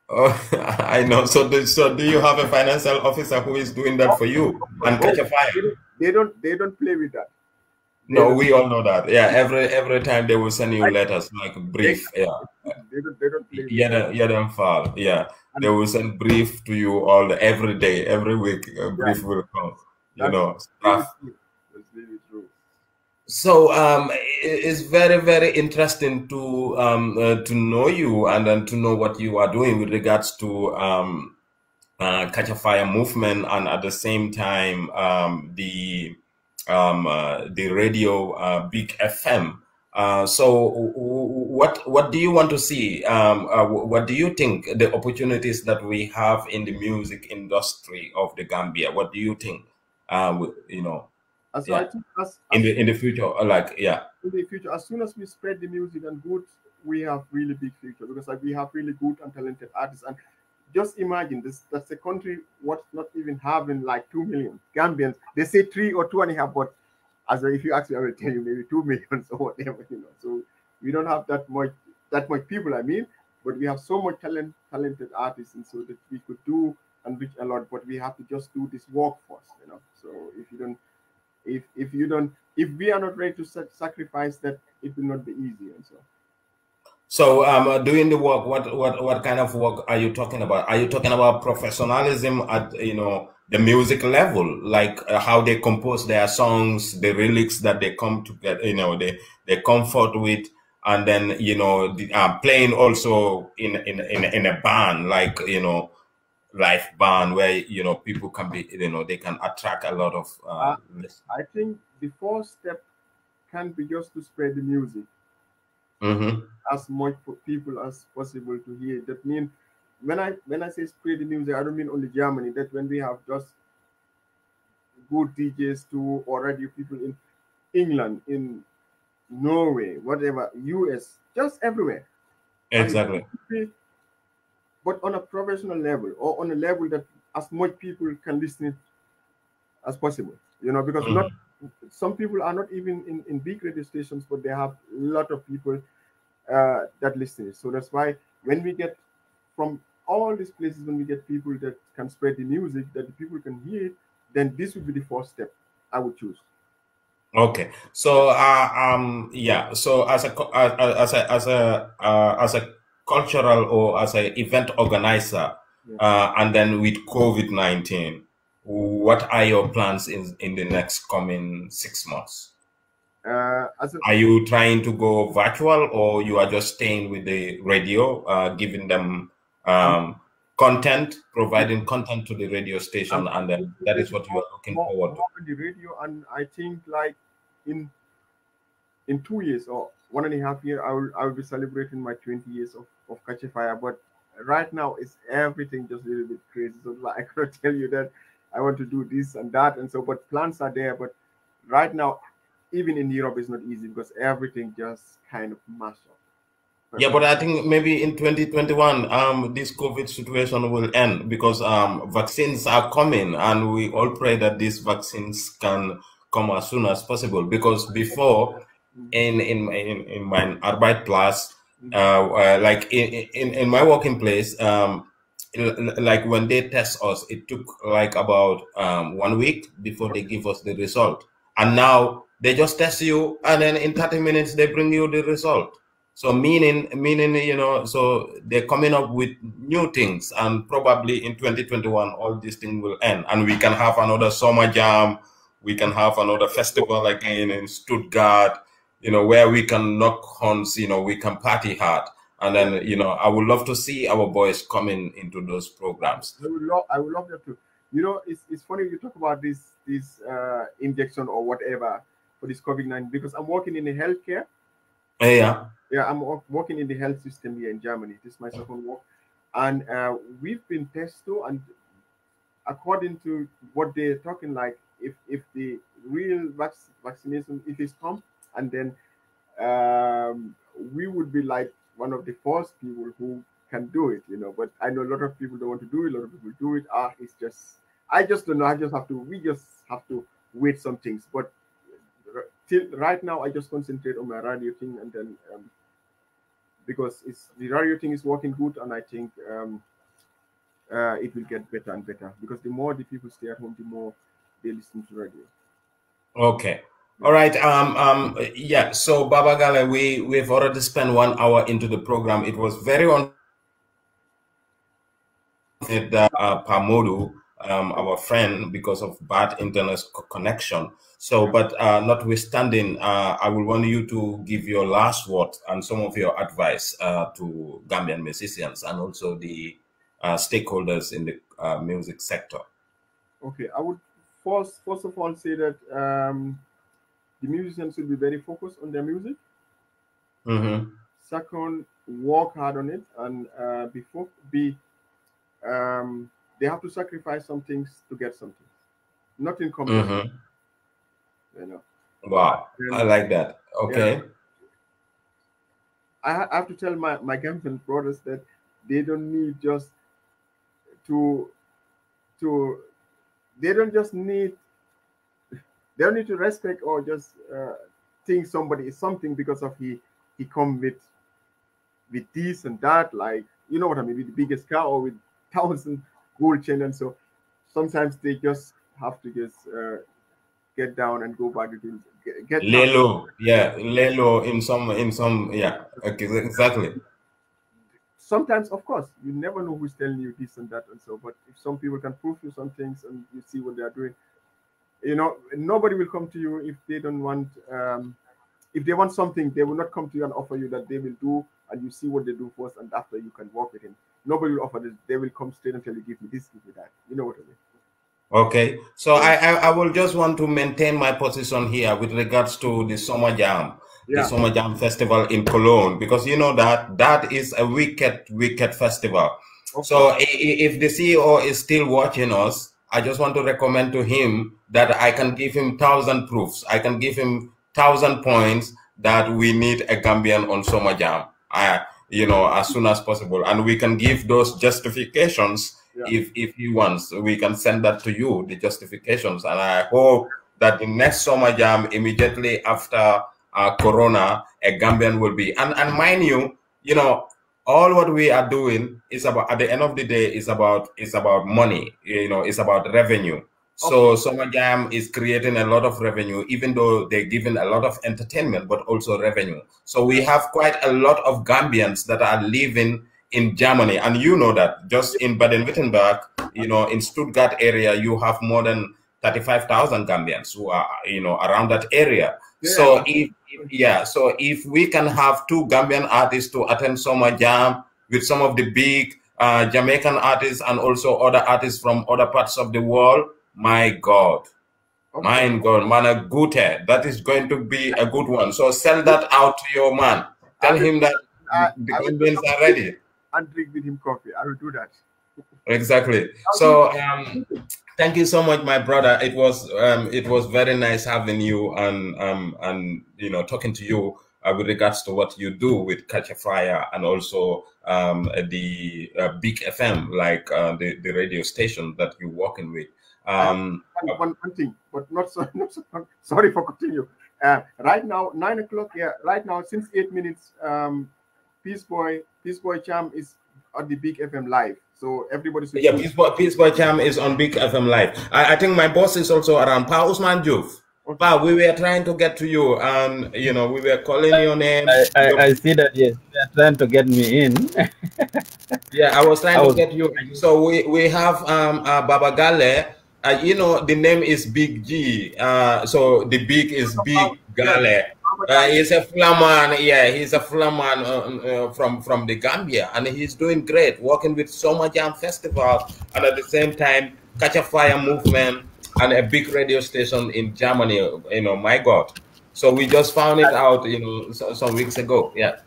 Oh, I know. So, do, so do you have a financial officer who is doing that for you and catch a fire? They don't. They don't play with that. They no, we all know that. Yeah, every every time they will send you letters, like brief. yeah. They don't. They don't play. Yeah, yeah, them fall. Yeah, they will send brief to you all every day, every week. A uh, brief will come. You know, stuff. So um, it's very, very interesting to um, uh, to know you and then to know what you are doing with regards to um, uh, catch a fire movement, and at the same time um, the um, uh, the radio uh, Big FM. Uh, so what what do you want to see? Um, uh, what do you think the opportunities that we have in the music industry of the Gambia? What do you think? you know. As yeah. I think in the in the future, uh, like yeah. In the future, as soon as we spread the music and good, we have really big future because like, we have really good and talented artists. And just imagine this that's a country what's not even having like two million Gambians. They say three or two and a half, but as if you ask me, I will tell you maybe two millions or whatever, you know. So we don't have that much that much people, I mean, but we have so much talent talented artists and so that we could do and reach a lot, but we have to just do this work first, you know. So if you don't if if you don't if we are not ready to sacrifice that it will not be easy and so so um, uh, doing the work what what what kind of work are you talking about are you talking about professionalism at you know the music level like uh, how they compose their songs the lyrics that they come to get you know they they comfort with and then you know the, uh, playing also in, in in in a band like you know life ban where you know people can be you know they can attract a lot of uh, uh, i think the first step can be just to spread the music mm -hmm. as much for people as possible to hear that means when i when i say spread the music i don't mean only germany that when we have just good djs to already people in england in norway whatever us just everywhere exactly but on a professional level or on a level that as much people can listen it as possible. You know, because mm not some people are not even in, in big radio stations, but they have a lot of people uh, that listen. So that's why when we get from all these places, when we get people that can spread the music, that the people can hear it, then this would be the first step I would choose. Okay, so uh, um, yeah, so as a as, uh, uh, as a as a uh, as a cultural or as an event organizer, uh, and then with COVID 19, what are your plans in, in the next coming six months? Uh, are you trying to go virtual or you are just staying with the radio, uh, giving them um, um content, providing content to the radio station, um, and then that is what you are looking more, forward to? The radio, and I think like in in two years or one and a half year, I will I will be celebrating my 20 years of of catching fire. But right now, it's everything just a little bit crazy. So I cannot tell you that I want to do this and that and so. But plans are there. But right now, even in Europe, it's not easy because everything just kind of mashed up. Yeah, but I think maybe in 2021, um, this COVID situation will end because um, vaccines are coming, and we all pray that these vaccines can come as soon as possible. Because before, mm-hmm. in in in, in my Arbeit plus. Uh, uh, like in, in, in my working place, um, like when they test us, it took like about um, one week before they give us the result. And now they just test you, and then in 30 minutes they bring you the result. So meaning, meaning, you know, so they're coming up with new things, and probably in 2021 all these things will end, and we can have another summer jam, we can have another festival again in Stuttgart, you know, where we can knock horns, you know, we can party hard. And then, you know, I would love to see our boys coming into those programs. I would love, I would love that too. You know, it's, it's funny you talk about this this uh, injection or whatever for this COVID nineteen because I'm working in the healthcare. Oh, yeah, yeah, I'm working in the health system here in Germany. This is my second work, and uh, we've been tested. And according to what they're talking, like if if the real vac- vaccination if it's come and then um, we would be like one of the first people who can do it, you know. But I know a lot of people don't want to do it. A lot of people do it. Ah, it's just I just don't know. I just have to. We just have to wait some things. But uh, till right now, I just concentrate on my radio thing, and then um, because it's the radio thing is working good, and I think um, uh, it will get better and better because the more the people stay at home, the more they listen to radio. Okay. All right. Um, um, yeah. So, Baba Gale, we, we've already spent one hour into the program. It was very on that uh, Pamodu, um, our friend, because of bad internet connection. So, but uh, notwithstanding, uh, I will want you to give your last word and some of your advice uh, to Gambian musicians and also the uh, stakeholders in the uh, music sector. Okay, I would first, first of all, say that um, the musicians should be very focused on their music. Mm-hmm. Second, work hard on it, and uh, before be, um, they have to sacrifice some things to get something. Nothing comes. Mm-hmm. You know. Wow, and, I like that. Okay. Yeah, I, I have to tell my my Gambian brothers that they don't need just to to they don't just need they don't need to respect or just uh, think somebody is something because of he he come with with this and that like you know what i mean with the biggest car or with thousand gold chain and so sometimes they just have to just uh, get down and go back again get, get lelo yeah lelo in some in some yeah okay, exactly sometimes of course you never know who's telling you this and that and so but if some people can prove you some things and you see what they are doing you know nobody will come to you if they don't want um, if they want something they will not come to you and offer you that they will do and you see what they do first and after you can work with him nobody will offer this they will come straight and tell you give me this give me that you know what i mean okay so I, I, I will just want to maintain my position here with regards to the summer jam yeah. the summer jam festival in cologne because you know that that is a wicked wicked festival okay. so if the ceo is still watching us I just want to recommend to him that I can give him thousand proofs. I can give him thousand points that we need a Gambian on Soma Jam. I, you know, as soon as possible, and we can give those justifications yeah. if if he wants. We can send that to you the justifications, and I hope that the next Soma Jam immediately after uh, Corona, a Gambian will be. And and mind you, you know, all what we are doing is about at the end of the day is about is about money you know it's about revenue okay. so summer jam is creating a lot of revenue even though they're giving a lot of entertainment but also revenue so we have quite a lot of gambians that are living in germany and you know that just in baden-württemberg you know in stuttgart area you have more than 35000 gambians who are you know around that area yeah. so if yeah, so if we can have two Gambian artists to attend Summer Jam with some of the big uh, Jamaican artists and also other artists from other parts of the world, my God. Okay. Mine God, man, a good That is going to be a good one. So sell that out to your man. Tell him that the Gambians are ready. And drink with him coffee. I will do that. Exactly. So um, Thank you so much, my brother. It was um, it was very nice having you and um, and you know talking to you uh, with regards to what you do with Catch a Fire and also um, the uh, Big FM, like uh, the the radio station that you're working with. Um, one, one, one thing, but not sorry, not so. sorry for continue. Uh, right now, nine o'clock. Yeah, right now, since eight minutes, um, Peace Boy, Peace Boy Charm is on the Big FM live. So everybody's yeah. Peace Boy, Peace Boy Jam is on Big FM Live. I, I think my boss is also around. Pa Usman Juf. Pa, we were trying to get to you, and you know we were calling your name. I, I, I see that. Yes, they're trying to get me in. yeah, I was trying I was... to oh. get you. So we we have um uh, Baba Gale. Uh, you know the name is Big G. Uh, so the big is Big Gale. Uh, he's a flaman. Yeah, he's a flaman uh, uh, from from the Gambia, and he's doing great, working with so much festivals, and at the same time, Catch a Fire movement and a big radio station in Germany. You know, my God. So we just found it out, you know, so, some weeks ago. Yeah,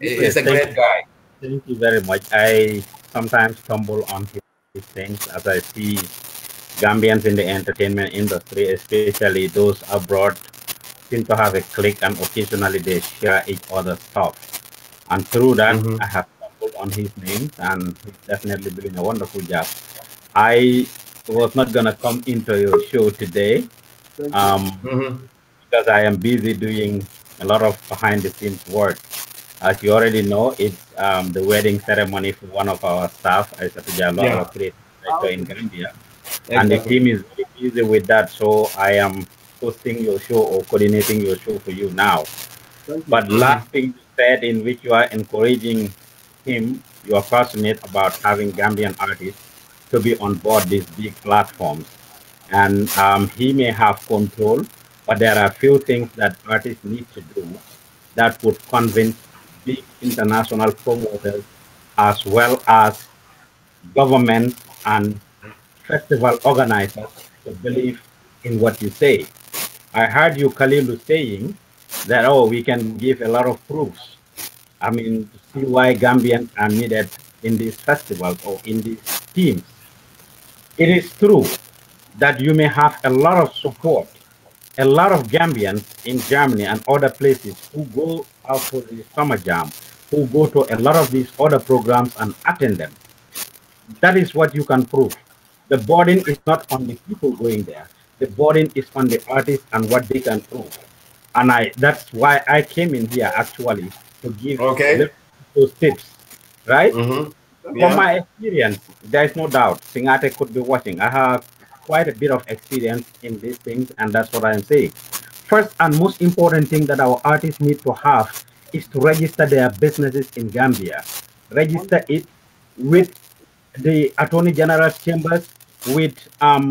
he's a great guy. Thank you very much. I sometimes stumble on his things as I see Gambians in the entertainment industry, especially those abroad seem to have a clique and occasionally they share each other's stuff. And through that, mm -hmm. I have stumbled on his name and he's definitely doing a wonderful job. I was not going to come into your show today um, mm -hmm. because I am busy doing a lot of behind the scenes work. As you already know, it's um, the wedding ceremony for one of our staff, Aisatuja Loro, yeah. creative director in Gambia. Exactly. And the team is busy with that, so I am hosting your show or coordinating your show for you now. You. But last thing you said in which you are encouraging him, you are passionate about having Gambian artists to be on board these big platforms. And um, he may have control, but there are a few things that artists need to do that would convince big international promoters as well as government and festival organizers to believe in what you say. I heard you, Kalilu, saying that, oh, we can give a lot of proofs. I mean, to see why Gambians are needed in these festivals or in these teams. It is true that you may have a lot of support, a lot of Gambians in Germany and other places who go out for the summer jam, who go to a lot of these other programs and attend them. That is what you can prove. The burden is not on the people going there the burden is on the artists and what they can do. And I that's why I came in here actually to give okay. those tips, right? Mm -hmm. yeah. From my experience, there is no doubt Singate could be watching. I have quite a bit of experience in these things, and that's what I am saying. First and most important thing that our artists need to have is to register their businesses in Gambia. Register it with the Attorney General's chambers, with um,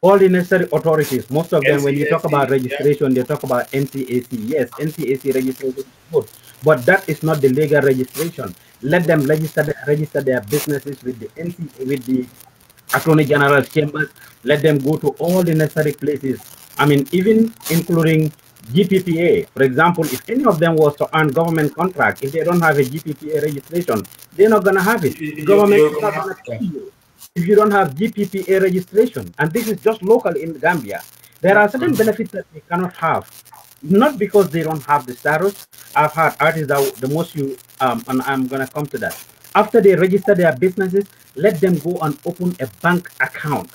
all the necessary authorities. Most of them, NCAC, when you talk about registration, yeah. they talk about NCAC. Yes, NCAC registration is good, but that is not the legal registration. Let them register register their businesses with the NC with the Attorney General's chambers. Let them go to all the necessary places. I mean, even including GPPA. For example, if any of them was to earn government contract, if they don't have a GPPA registration, they're not gonna have it. government you, you, if you don't have GPPA registration. And this is just local in Gambia. There are certain benefits that they cannot have, not because they don't have the status. I've had artists that the most you, um, and I'm going to come to that. After they register their businesses, let them go and open a bank account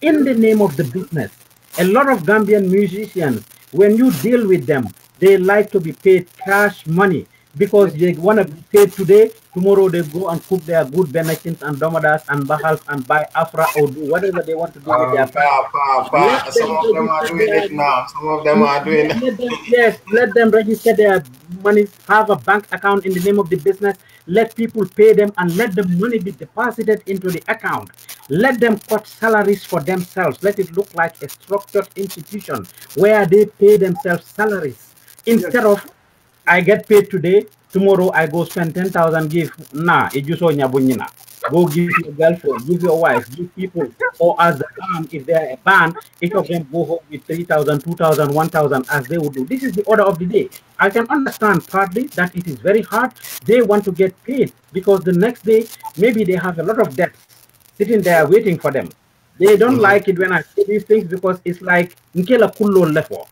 in the name of the business. A lot of Gambian musicians, when you deal with them, they like to be paid cash money because they want to be paid today Tomorrow they go and cook their good benekins and domadas and bahals and buy afra or do whatever they want to do um, with their um, pa, pa, pa. Some of them are doing it now. Some of them are doing let them, Yes, let them register their money, have a bank account in the name of the business. Let people pay them and let the money be deposited into the account. Let them cut salaries for themselves. Let it look like a structured institution where they pay themselves salaries instead yes. of I get paid today. Tomorrow I go spend ten thousand. Give nah, it just on nyabunyina. Go give your girlfriend, give your wife, give people, or as the band, if they are a band, each of them go home with 3,000, 2,000, 1,000 as they would do. This is the order of the day. I can understand partly that it is very hard. They want to get paid because the next day, maybe they have a lot of debts sitting there waiting for them they don't mm-hmm. like it when I say these things because it's like nke la lefo.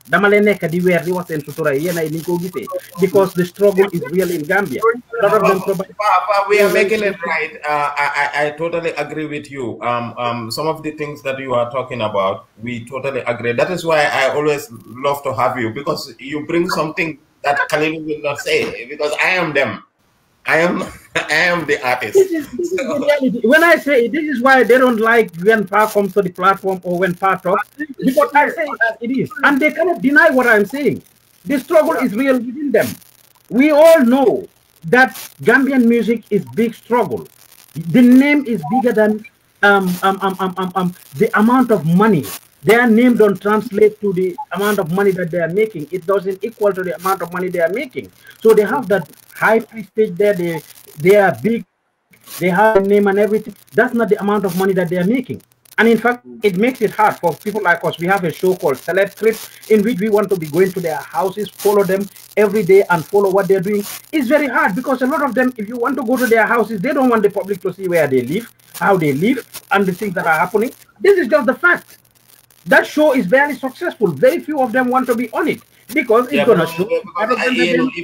because the struggle is real in Gambia. we are making it right. Uh, I, I totally agree with you. Um, um, some of the things that you are talking about, we totally agree. That is why I always love to have you because you bring something that Khalil will not say because I am them. I am I am the artist. This is, this is the when I say this is why they don't like when Pa comes to the platform or when Pa talks, because I say that it is. And they cannot deny what I'm saying. The struggle is real within them. We all know that Gambian music is big struggle. The name is bigger than um, um, um, um, um, um, the amount of money. Their name don't translate to the amount of money that they are making. It doesn't equal to the amount of money they are making. So they have that high prestige there, they, they are big, they have a name and everything. That's not the amount of money that they are making. And in fact, it makes it hard for people like us. We have a show called Celeb Trip, in which we want to be going to their houses, follow them every day, and follow what they're doing. It's very hard because a lot of them, if you want to go to their houses, they don't want the public to see where they live, how they live, and the things that are happening. This is just the fact. That show is barely successful. Very few of them want to be on it because yeah, it's gonna show. if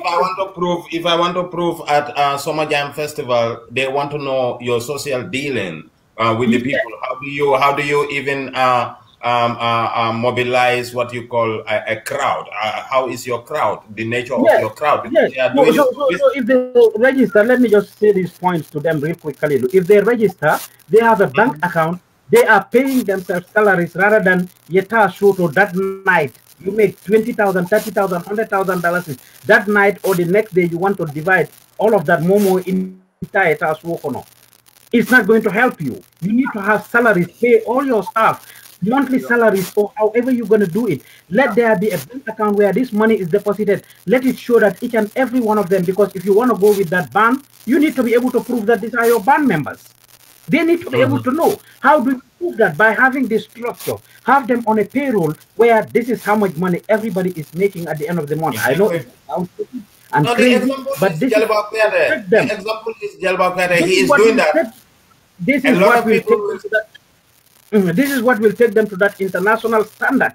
I want to prove, if I want to prove at uh, Summer Jam Festival, they want to know your social dealing uh, with yeah. the people. How do you? How do you even? Uh, um, uh, uh mobilize what you call a, a crowd. Uh, how is your crowd? The nature yes. of your crowd? Yes. so, so, so if they register, let me just say these points to them real quickly. If they register, they have a bank mm -hmm. account. They are paying themselves salaries rather than yeta shoot or that night you make twenty thousand, thirty thousand, hundred thousand 30,000, dollars that night or the next day you want to divide all of that momo in as wokono. It's not going to help you. You need to have salaries, pay all your staff, monthly yeah. salaries or however you're going to do it. Let yeah. there be a bank account where this money is deposited. Let it show that each and every one of them, because if you want to go with that band, you need to be able to prove that these are your band members. They need to be mm -hmm. able mm-hmm. to know how do improve that by having this structure. Have them on a payroll where this is how much money everybody is making at the end of the month. I know it's and no, crazy, but this The example is Jalba Kere. He is doing that. this is what will take will... That, mm, this is what will take them to that international standard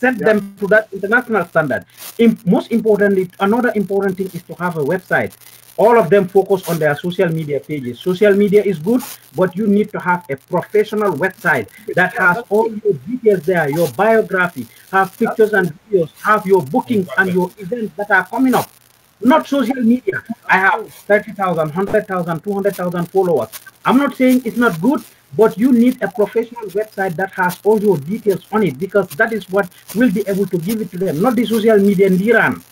set yeah. them to that international standard. In, most importantly, another important thing is to have a website all of them focus on their social media pages. Social media is good, but you need to have a professional website that has all your details there, your biography, have pictures and videos, have your bookings and your events that are coming up. Not social media. I have 30,000, 100,000, 200,000 followers. I'm not saying it's not good, but you need a professional website that has all your details on it because that is what will be able to give it to them, not the social media in Iran.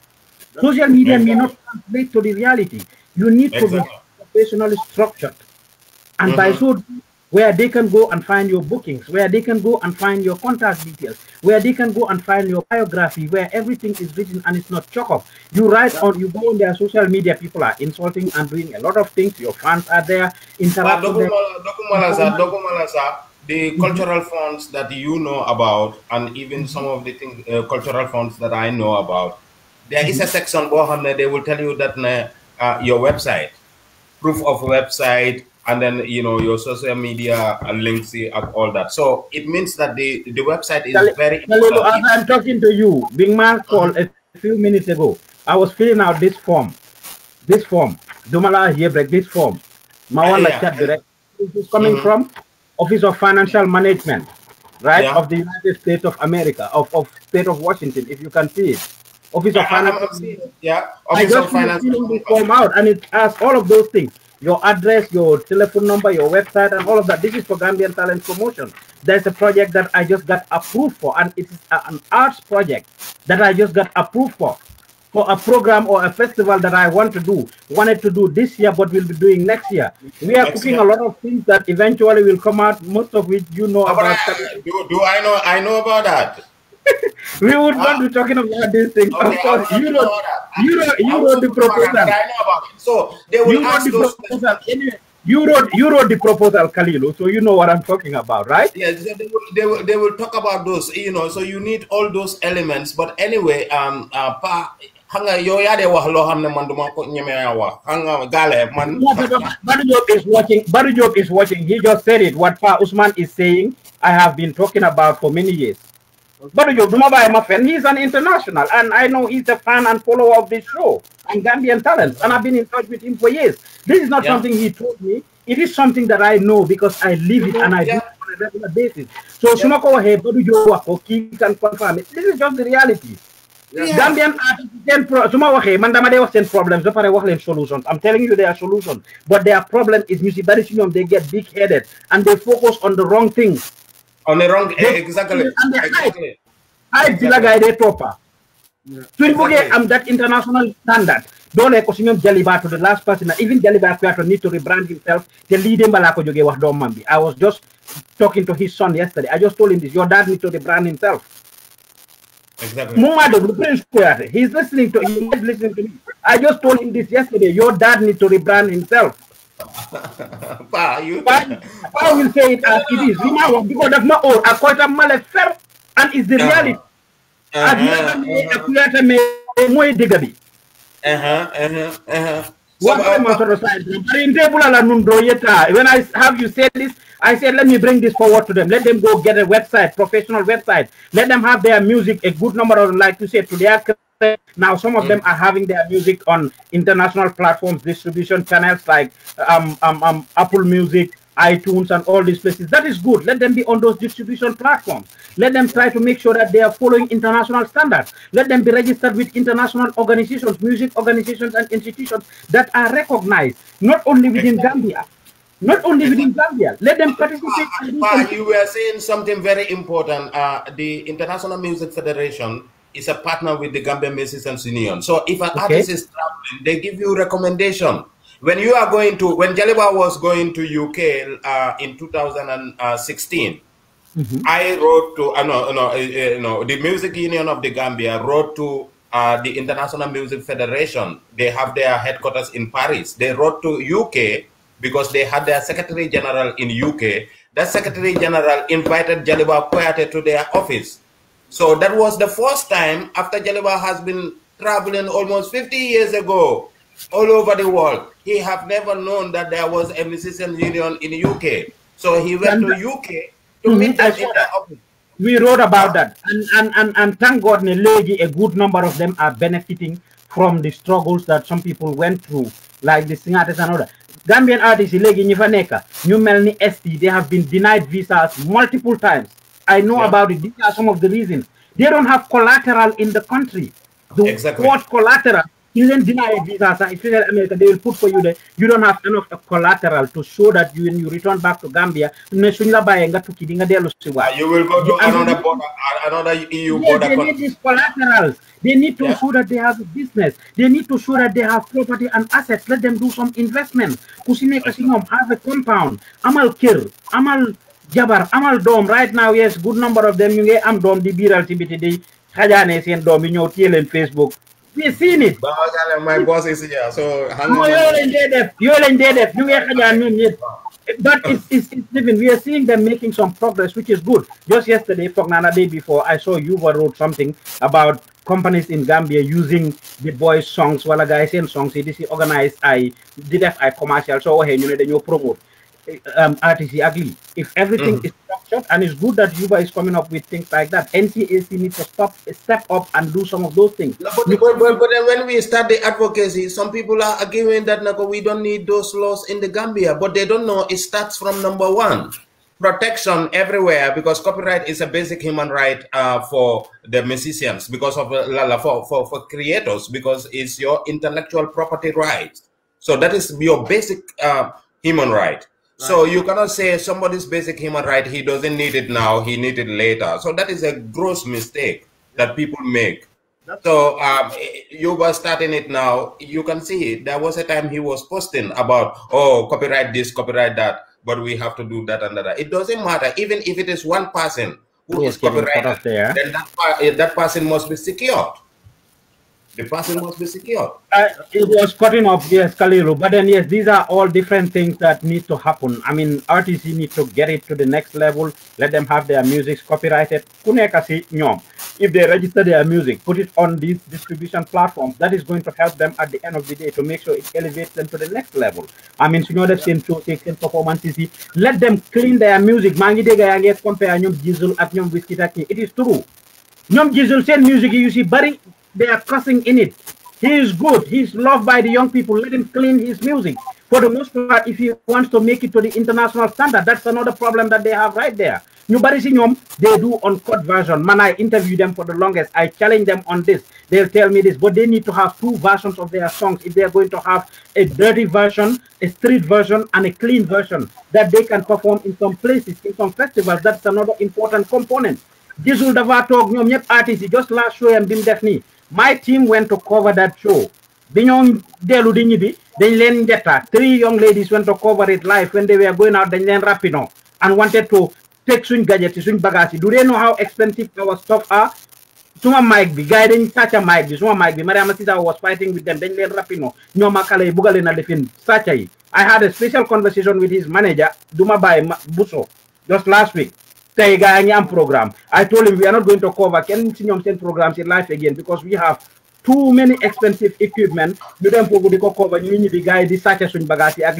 Social media may not translate to the reality. You need to be professionally structured. And by mm-hmm. so where they can go and find your bookings, where they can go and find your contact details, where they can go and find your biography, where everything is written and it's not chock up. You write on, you go on their social media, people are insulting and doing a lot of things. Your fans are there, interacting. But Dokumalasa, Dokumalasa, the mm-hmm. cultural funds that you know about, and even mm-hmm. some of the things, uh, cultural funds that I know about, there is a section where they will tell you that uh, uh, your website proof of website and then you know your social media uh, links and all that. So it means that the the website is very. as I'm talking to you, Big Man called a few minutes ago. I was filling out this form, this form. Dumala here, break this form. Mawala yeah, chat direct. This is coming mm -hmm. from Office of Financial Management, right, yeah. of the United States of America, of, of state of Washington. If you can see it, Office of Finance. I'm, I'm, yeah, Office I of Finance. The form out, and it asks all of those things your address, your telephone number, your website, and all of that. This is for Gambian talent promotion. There's a project that I just got approved for, and it's an arts project that I just got approved for, for a program or a festival that I want to do, wanted to do this year, but we'll be doing next year. We are cooking a lot of things that eventually will come out, most of which you know about. I, do, do I know? I know about that we would not be talking about these things. Okay, course, you wrote, you wrote, you wrote the proposal. So they will you ask the those proposal. Anyway, you wrote you wrote the proposal, Kalilo. so you know what I'm talking about, right? Yes, they, will, they will they will talk about those, you know. So you need all those elements. But anyway, um, uh, pa, hanga yo yade de wax lo xamne man duma ko ñeme hanga galé man Barujob is watching Barujob is watching he just said it what Pa Usman is saying I have been talking about for many years but you do not He's an international, and I know he's a fan and follower of this show and Gambian talents. And I've been in touch with him for years. This is not yeah. something he told me. It is something that I know because I live it and I yeah. do it on a regular basis. So yeah. but you Bodu Jowako, he can confirm it. This is just the reality. Yeah. Gambian artists, suma problems ba pare wax solutions i'm telling you there are solutions but their problem is music that is they get big headed and they focus on the wrong things on the wrong, they, exactly. the exactly. I Villa guy they proper. Tuin buge am that international standard. Don't us Osimhen Jaliba to the last person. Even Jaliba to need to rebrand himself. The leading balako joge was do mambi. I was just talking to his son yesterday. I just told him this. Your dad needs to rebrand himself. Exactly. He's listening to he's listening to me. I just told him this yesterday. Your dad needs to rebrand himself. pa, you... Pa, pa will say it as it is. because that's my own. I quite a malestar and it's the uh-huh. reality. As uh-huh. never may a creator digabi. Uh-huh, uh, when I have you say this, I said, let me bring this forward to them. Let them go get a website, professional website. Let them have their music, a good number of, like you said, to their now some of them mm. are having their music on international platforms distribution channels like um, um, um, apple music itunes and all these places that is good let them be on those distribution platforms let them try to make sure that they are following international standards let them be registered with international organizations music organizations and institutions that are recognized not only within gambia not only within Zambia. Let them participate. Uh, you were saying something very important. Uh, the International Music Federation is a partner with the Gambia Musicians Union. So if an okay. artist is traveling, they give you recommendation. When you are going to, when Jaliba was going to UK uh, in 2016, mm -hmm. I wrote to, uh, no, no, uh, uh, no, the Music Union of the Gambia wrote to uh, the International Music Federation. They have their headquarters in Paris. They wrote to UK because they had their Secretary General in UK. That Secretary General invited Jaliba Kouyaté to their office so that was the first time after Jaliba has been traveling almost 50 years ago all over the world. He have never known that there was a musician union in the UK. So he went and to UK to mm -hmm. meet them in the office. We wrote about that. And, and, and, and thank God, Nelegi, a good number of them are benefiting from the struggles that some people went through, like the singers and other. Gambian artists, Ilegi Nivaneka, New Melanie ST, they have been denied visas multiple times I know yeah. about it. These are some of the reasons. They don't have collateral in the country. The exactly. collateral even not denied visas. If you're in America, they will put for you that you don't have enough collateral to show that you, when you return back to Gambia, ah, you will go to another, border, another EU yes, border. They need these collaterals. They need to yeah. show that they have a business. They need to show that they have property and assets. Let them do some investment. Have a compound. Amal Kir, Amal jabar amal dumb right now yes good number of them ñu ngi am dumb. di biiral ci biti di xajaane seen doom yi ñëw téye Facebook we seen it my boss is here so no yoo leen dee def yoo leen dee def ñu ngi xajaan ñun ñëpp but it's, it's, it's even we are seeing them making some progress which is good just yesterday for nana day before i saw you wrote something about companies in Gambia using the boys' songs, while guys and songs, this is organized, I did I commercial, so hey, you know, new promote. Uh, um, RTC ugly. If everything mm. is structured, and it's good that Juba is coming up with things like that. NCAC needs to stop, step up, and do some of those things. No, but, but, but, when we start the advocacy, some people are arguing that we don't need those laws in the Gambia, but they don't know it starts from number one protection everywhere because copyright is a basic human right uh, for the musicians because of uh, for, for, for creators because it's your intellectual property rights. so that is your basic uh, human right so you cannot say somebody's basic human right, he doesn't need it now, he need it later. So that is a gross mistake that people make. so um, you were starting it now. You can see there was a time he was posting about, oh, copyright this, copyright that, but we have to do that and that. It doesn't matter. Even if it is one person who yes, is there. then that, uh, that person must be secured. The person must be secure. Uh, it was cutting off, yes, Kaliru. But then, yes, these are all different things that need to happen. I mean, artists need to get it to the next level, let them have their music copyrighted. If they register their music, put it on these distribution platforms. That is going to help them at the end of the day to make sure it elevates them to the next level. I mean, you know, that same show, same performances. Let them clean their music. It is true. Nyom gisul seen music you see, bari they are cussing in it. He is good. He's loved by the young people. Let him clean his music. For the most part, if he wants to make it to the international standard, that's another problem that they have right there. New Barisinyom, they do uncut version. Man, I interview them for the longest. I challenge them on this. They'll tell me this, but they need to have two versions of their songs if they're going to have a dirty version, a street version, and a clean version that they can perform in some places, in some festivals. That's another important component. Gisul Davatog, Nyom Yep Artist, just last show and Bim Defni my team went to cover that show three young ladies went to cover it live when they were going out dañ leen rapino and wanted to take suñ gadgets, yi suñ do they know how expensive our stuff are suma mic bi guiding, such a might. mic bi suma mic bi Mariama was fighting with them dañ leen rapino ñooma xale yi bugga leen a defin sàcca yi I had a special conversation with his manager Duma Bay Busso just last week tey gaa programme I told him we are not going to cover kenn ten programs in life again because we have too many expensive equipment ñu dem foofu di ko cover ñu ñibbi gaa yi di sàcce suñ bagage yi ak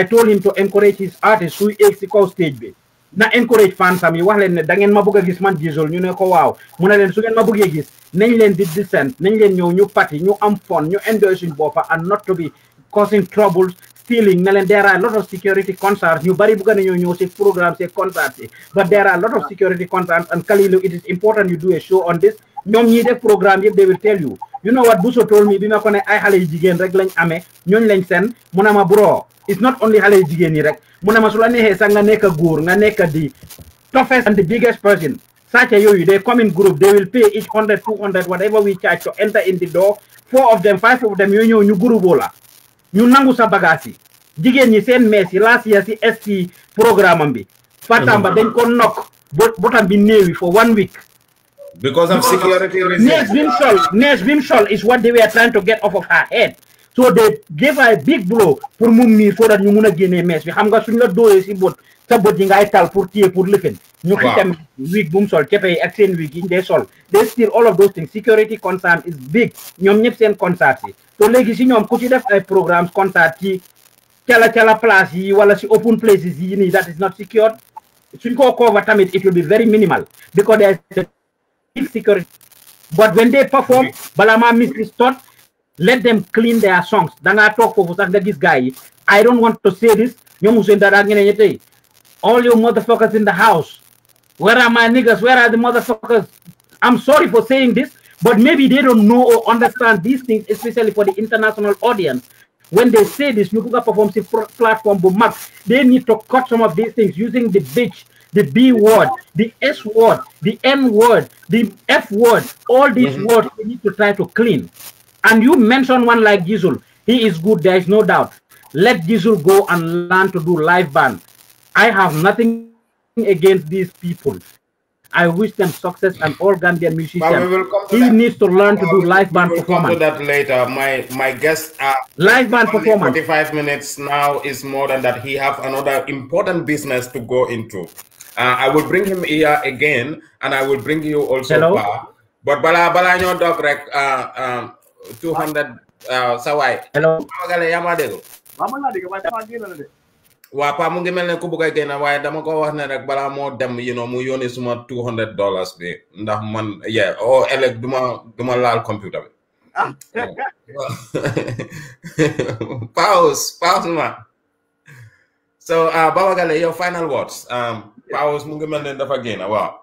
I told him to encourage his artists suy egg si stage bi na encourage fans. yi wax leen ne dangen ngeen ma bëgg a gis man Jizzle ñu ne ko waaw mu ne leen su ngeen ma bëggee gis nañ leen di descend nañ leen ñëw ñu party ñu am fun ñu enjoy suñ boppa and not to be causing troubles feeling na leen there are a lot of security concerns ñu bari bëgg nañoo ñëw si programme si concerts yi but there are a lot of security concerns and Kalilu it is important you do a show on this ñoom ñii def programme yëpp they will tell you you know what Buso told me bi ma ko ne ay xale yu jigéen rek lañ amee ñooñ lañ seen mu bro it's not only xale yu jigéen yi rek mu ne ma su la neexee sax nga nekk góor nga nekk di toughest and the biggest person such a you, they come in group, they will pay each 100, 200, whatever we charge to enter in the door. Four of them, five of them, you know, you guru bola. ñu nangu sa bagage yi jigéen ñi seen mees yi laas ya si esti programme am bi Fatamba dañ ko nokk botam bi néewi fo one week because of security reasons neige bi mu sol neige bi mu sol is what they were trying to get off of her head so they gave a big blow pour mu miir so that ñu mun a génnee mees bi xam nga suñ la dóoree si bët sa bët yi ngay tal pour téye pour lëfën ñu xitam wig bu mu sol cepe yi ak seen wig yi day sol they still all of those things security concern is big ñoom ñëpp seen concert yi so léegi si ñoom ku ci def ay programmes concert ci cala cala place yi wala si open places yi nii that is not secured suñ ko cover tamit it will be very minimal because there is a big security they perform balaa maa let them clean their songs da ngaa toog foofu sax nga gis I don't want to say this ñoom Ousainou Darboe all you motherfuckers in the house where are my niggas where are the motherfuckers I'm sorry for saying this but maybe they don't know or understand these things especially for the international audience when they say this ñu bugg a perform si platform bu mag they need to cut some of these things using the bitch the B word, the S word, the M word, the F word, all these mm -hmm. words we need to try to clean. And you mentioned one like Gizul. He is good, there is no doubt. Let Gizul go and learn to do live band. I have nothing against these people. I wish them success and all Gambian musicians. He that. needs to learn to do live band we will performance. Come to that later. My my guest uh, live band performance. Forty-five minutes now is more than that. He have another important business to go into. Uh, I will bring him here again, and I will bring you also. Hello. But bala bala you dog Uh, um, two hundred waaw uh, sa waay. hello Maguette yaa ma dégg. waaw mën naa dégg waaye damaa génn la de. waa Paa mu ngi mel ne ku bëgg a génn waaye dama ko wax ne rek balaa moo dem you know mu yónnee suma two hundred dollars bi ndax man yeah oh ëllëg eh, duma duma laal computer bi. Ah. pause pause ma. so ah, Baba Gale your final words. Um, pause mu ngi mel ne dafa génn waaw.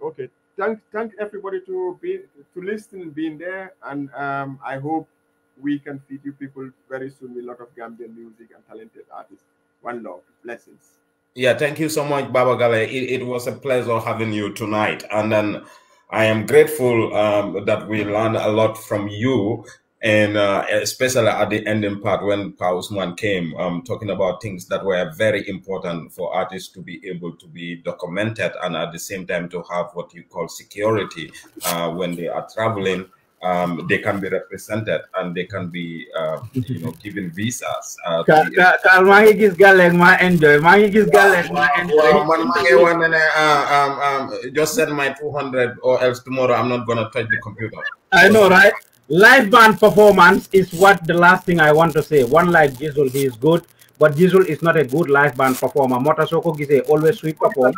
ok thank thank everybody to be to listening, being there, and um, I hope we can feed you people very soon with a lot of Gambian music and talented artists. One love, blessings. Yeah, thank you so much, Baba Gale. It, it was a pleasure having you tonight, and then. Um, I am grateful um, that we learned a lot from you and uh, especially at the ending part when Pausman came, um, talking about things that were very important for artists to be able to be documented and at the same time to have what you call security uh, when they are traveling. Um, they can be represented and they can be, uh, you know, given visas. Kal enjoy, enjoy. Just send my 200 or else tomorrow I'm not going to touch the computer. I know, right? Live band performance is what the last thing I want to say. One like Jizzle, he is good, but Jizzle is not a good live band performer. Motasoko Gise always sweet perform.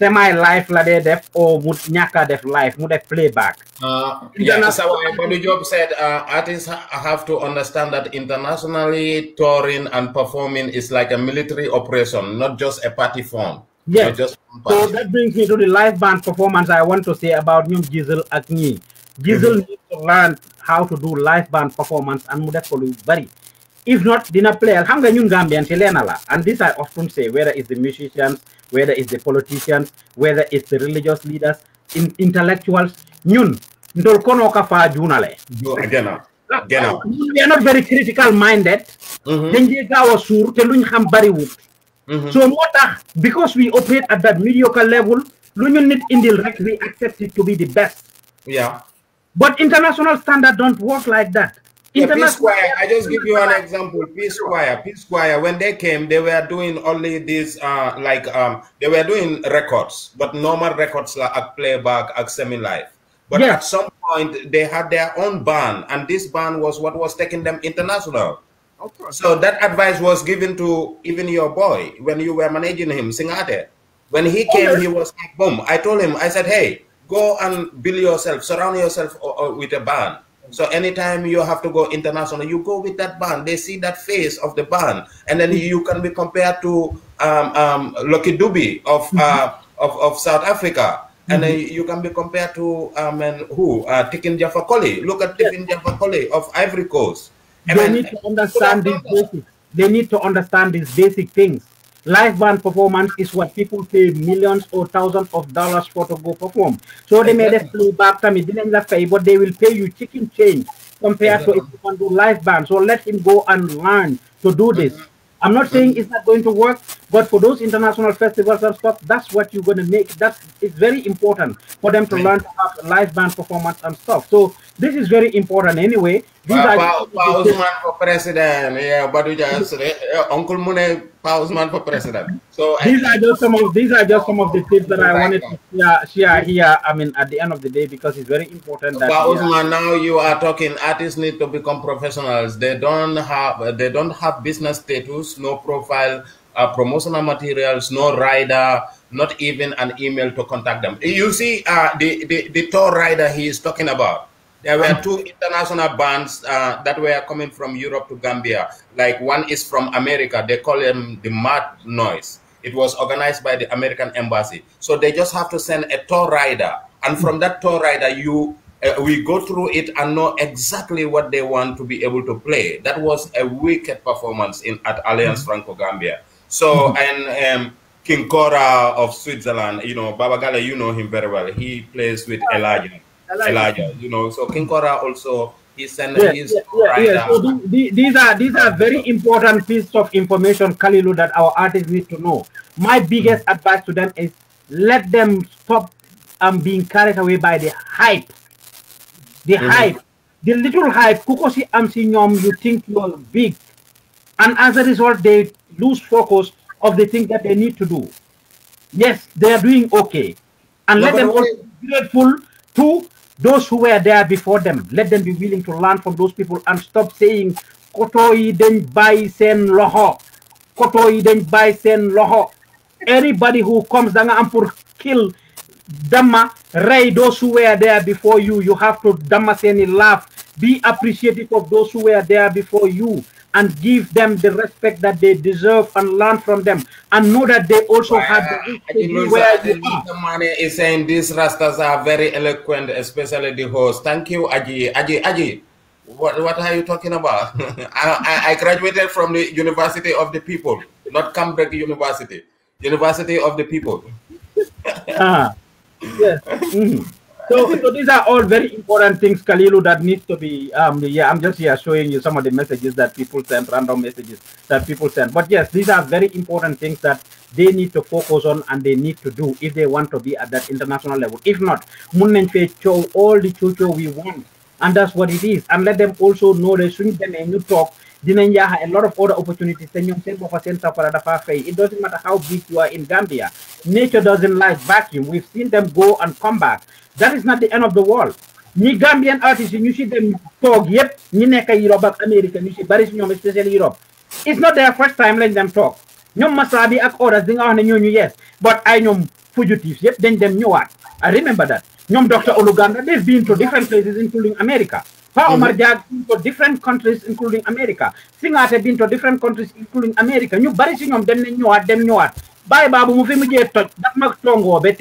semi live la dee def or mut nyaka, def live mu def playback. Uh, international yeah, so uh, Manu job said uh, artists have to understand that internationally touring and performing is like a military operation, not just a party form. Yeah. Just party. So that brings me to the live band performance I want to say about new Jizzle ak ñii. Jizzle mm-hmm learn how to do live band performance and mu def lu bari if not dina player. xam nga ñun Gambian si la and this I often say whether it's the musicians whether it's the politicians whether it's the religious leaders in intellectuals ñun ndol kono ka fa junale gena gena we are not very critical minded mm-hmm. dañ dee gaaw a te luñ xam mm-hmm. so moo because we operate at that mediocre level lu ñu nit indil rek we accept it to be the best yeah but international standard don't work like that. Yeah, Peace Choir, I just give you an example. Peace Choir, Peace Choir. when they came, they were doing only these, uh, like, um, they were doing records, but normal records like at playback, at semi-live. But yes. at some point, they had their own band, and this band was what was taking them international. Okay. So that advice was given to even your boy when you were managing him, Singate. When he oh, came, he was like, boom. I told him, I said, hey, go and build yourself, surround yourself uh, uh, with a band. So anytime you have to go international, you go with that band. They see that face of the band, and then mm-hmm. you can be compared to um, um, Lucky Dube of, mm-hmm. uh, of, of South Africa. And then mm-hmm. you can be compared to um, and who uh, Tikin Jaffa Koli. Look at Tikin Jaffa Koli of Ivory Coast. And they need to understand these basic. They need to understand these basic things. Live band performance is what people pay millions or thousands of dollars for to go perform. So they made a play back me, didn't that pay, but they will pay you chicken change compared exactly. to if you want to do live band. So let him go and learn to do this. Mm-hmm. I'm not saying it's not going to work, but for those international festivals and stuff, that's what you're going to make. That's it's very important for them to right. learn to have live band performance and stuff. So this is very important anyway. These pa, are pa, for president. Yeah, Uncle Mune for president. So these are just some of these are just some of the tips that I wanted to share, share here. I mean, at the end of the day, because it's very important that. Pa now you are talking. Artists need to become professionals. They don't have they don't have business status, no profile, uh, promotional materials, no rider not even an email to contact them. You see, uh, the, the, the tour rider he is talking about, there were two international bands uh, that were coming from Europe to Gambia. Like one is from America. They call them the Mad Noise. It was organized by the American Embassy. So they just have to send a tour rider, and from that tour rider, you uh, we go through it and know exactly what they want to be able to play. That was a wicked performance in at Alliance mm-hmm. Franco Gambia. So mm-hmm. and. Um, King Kora of Switzerland, you know, Baba Babagala, you know him very well. He plays with Elijah like Elijah. It. You know, so King Cora also he an yeah, he's yeah, yeah, yeah. So the, the, these are these are very important pieces of information, Kalilu, that our artists need to know. My hmm. biggest mm. advice to them is let them stop um being carried away by the hype. The mm. hype, the little hype, kukosi amsinyom, you think you're big. And as a result, they lose focus of the thing that they need to do. Yes, they are doing okay. And no, let them also be grateful to those who were there before them, let them be willing to learn from those people and stop saying, Koto iden den sen loho. Koto iden den sen loho. Anybody who comes down and for kill dama ray those who were there before you, you have to Dhamma seni laugh. Be appreciative of those who were there before you and give them the respect that they deserve and learn from them and know that they also well, have the uh, you where you are. The money is saying these rastas are very eloquent, especially the host. Thank you, Aji. Aji, Aji. What, what are you talking about? I, I graduated from the University of the People, not Cambridge University. University of the People. ah, yes. Mm so, so these are all very important things, Kalilu, that needs to be. Um, yeah, I'm just here showing you some of the messages that people send, random messages that people send. But yes, these are very important things that they need to focus on and they need to do if they want to be at that international level. If not, Munenfe show all the chucho we want, and that's what it is. And let them also know they shouldn't them a new talk. Dinañ a lot of other opportunities it doesn't matter how big you are in Gambia nature doesn't like vacuum we've seen them go and come back that is not the end of the world ñi Gambian artistes yi ñu si dem toog yëpp ñi nekk Europe ak Amérique ñu si bari si ñoom especially Europe it's not their first time letting them talk. ñoom Massa bi ak others di nga wax ne ñooñu yes but ay ñoom fugitives yëpp dañ dem ñëwaat I remember that ñoom Dr Oluganda they've been to different places including America Pa mm-hmm. Omar Dia been to different countries including America Singate been to different countries including America ñu bari si ñoom dem nañ ñëwaat dem ñëwaat bàyyi baabu mu fi mujjee toj daf ma tongoo ba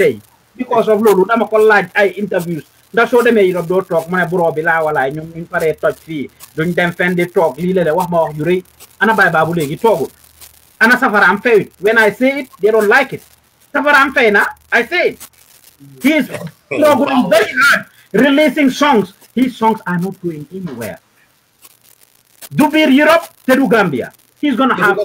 because of i dama ko laaj ay interviews ndax soo demee him do toog mu ne bureau bi laa walaay ñun ñu paree toj fii duñ dem fenn di toog lii la wax ma wax ju rëy ana baay baabu léegi i ana not feyut when I say it they don't like it I'm na I say it he is very hard releasing songs his songs are not going anywhere du biir Europe te du Gambia he's gonna have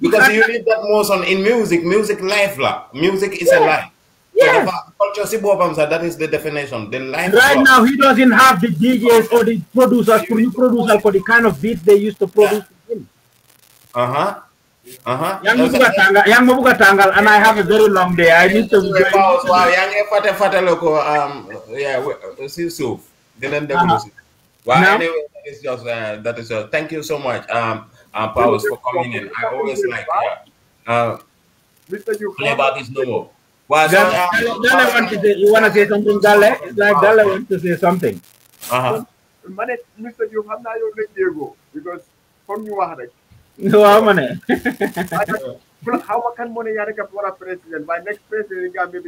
because you need that motion in music music life la music is a life yeah. that is the definition. The line right now he doesn't have the DJs or the producers, new producer for the kind of beat they used to produce. Yeah. Uh huh. Uh-huh. uh-huh. Yang mabuga tangal, yang mabuga tangal, and I have a very long day. I need to. Wow, wow. Yang fata fata loko. Um, yeah. Uh, see so. Then then uh-huh. Well, anyway, that is just uh, that is just. Thank you so much, um, uh, Powers, for coming in. I always like. Yeah. Uh, Mr. Playback is no more. waaw so, uh, Dale a to say, you want to say something, Dale? It's like Dale wants to say something. Uh-huh. Man, Mr. Yu, I'm not your Diego, because from you ah, a president? My next president got me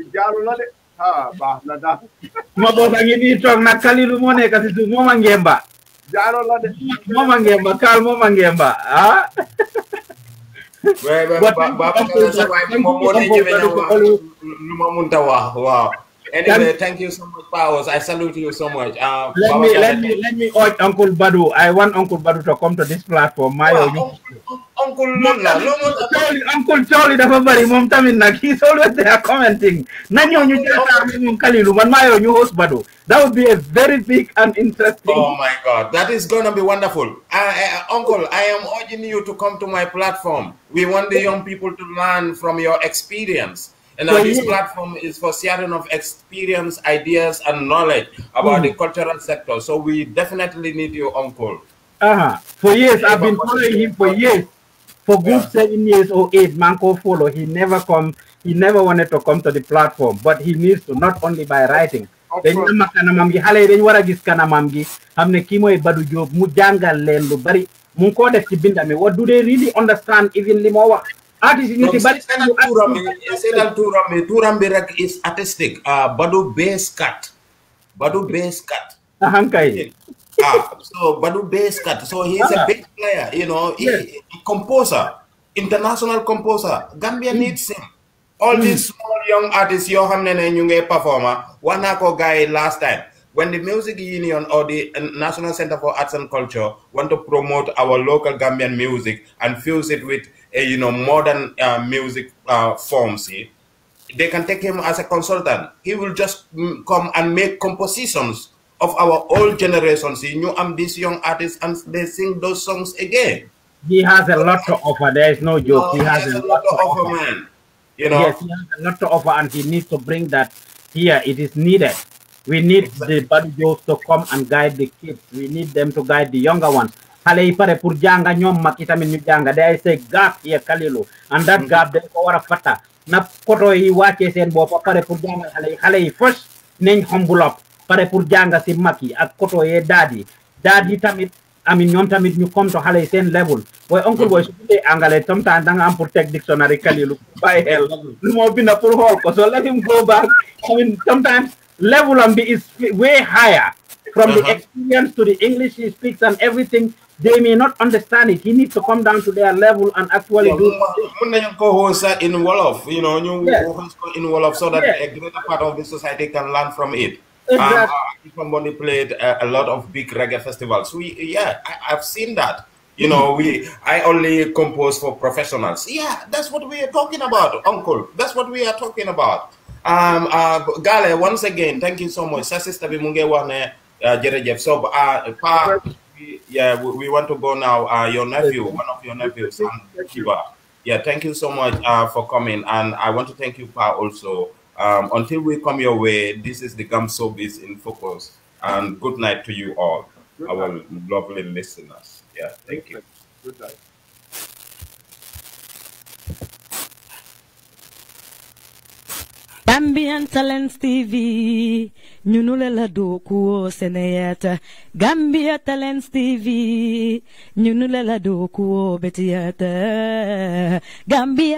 waaye ba ba ba moom moo lay jëmee ne waaw lu ma mënta wax waaw. Anyway, me, thank you so much, Powers. I salute you so much. Uh, let, me, let, me, let me urge Uncle Badu. I want Uncle Badu to come to this platform. My wow, un, Uncle Luna. Charlie, Uncle Charlie, the bari mom he's always there commenting. Nanyo ñu jël mom Kalilu man mayo ñu host Badu. That would be a very big and interesting. Oh my God, that is gonna be wonderful. I, I, Uncle, I am urging you to come to my platform. We want the young people to learn from your experience. And now this platform is for sharing of experience, ideas, and knowledge about mm. the hmm. cultural sector. So we definitely need you uncle. Uh-huh. For years, I've been following him for years. For good yeah. seven years or eight, Manko follow. He never come. He never wanted to come to the platform, but he needs to not only by writing. what do they really understand even li artiste yi ñu ci bari tuuram bi seetal tuuram bi tuuram bi rek is artistique ah, Badou Beeskat Badou Beeskat ahankay ah so badu Badou cut. so he is a ah. big player you know he, composer international composer Gambia hmm. needs him all hmm. these small young artists yoo xam ne ne performer wax naa ko gars yi last time when the music union or the uh, national center for arts and culture want to promote our local gambian music and fuse it with uh, you know modern uh, music uh, forms here eh, they can take him as a consultant he will just mm, come and make compositions of our old generations You know, I'm this young artist and they sing those songs again he has a lot to offer there is no joke no, he, has he, has a, lot, lot to offer, offer, man you know yes he has a lot to offer and he needs to bring that here it is needed we need exactly. the body to come and guide the kids we need them to guide the younger ones xalé yi paré pour jànga ñom mag yi tamit ñu jànga day sé gaab ye kalilu andat gaab dañ ko wara fatta fata na koto yi wàccee sen bop paré pour jànga xalé yi xalé yi fos nañ lop paré pour jànga ci mag yi ak koto ye dadi dadi tamit ami ñom tamit ñu kom to xale yi level Boy uncle boy, su bindee anglais sometimes da nga am pour tek dictionary kalilu bay hel lu mo bina pour hol ko so let him go back I mean, sometimes level am bi is way higher from uh -huh. the uh-huh. experience to the English he speaks and everything they may not understand it. You need to come down to their level and actually well, do it. co-host in Wolof, you know, you yes. host in Wolof so that yes. a greater part of the society can learn from it. Exactly. Um, uh, somebody played a, a, lot of big reggae festivals. We, yeah, I, have seen that. You know, we I only compose for professionals. Yeah, that's what we are talking about, Uncle. That's what we are talking about. Um, uh, Gale, once again, thank you so much. Sa sister bi mu ngi uh, so uh, pa yeah, we, we, want to go now. Uh, your nephew, one of your nephews, Kiba. Yeah, thank you so much uh, for coming. And I want to thank you, Pa, also. Um, until we come your way, this is the Gum in Focus. And good night to you all, good our night. lovely listeners. Yeah, thank good you. Night. Good night. Gambian Talents TV ñunulela dokuwo seneyata gambia talents tv ñunulela dokuwo betiata gambia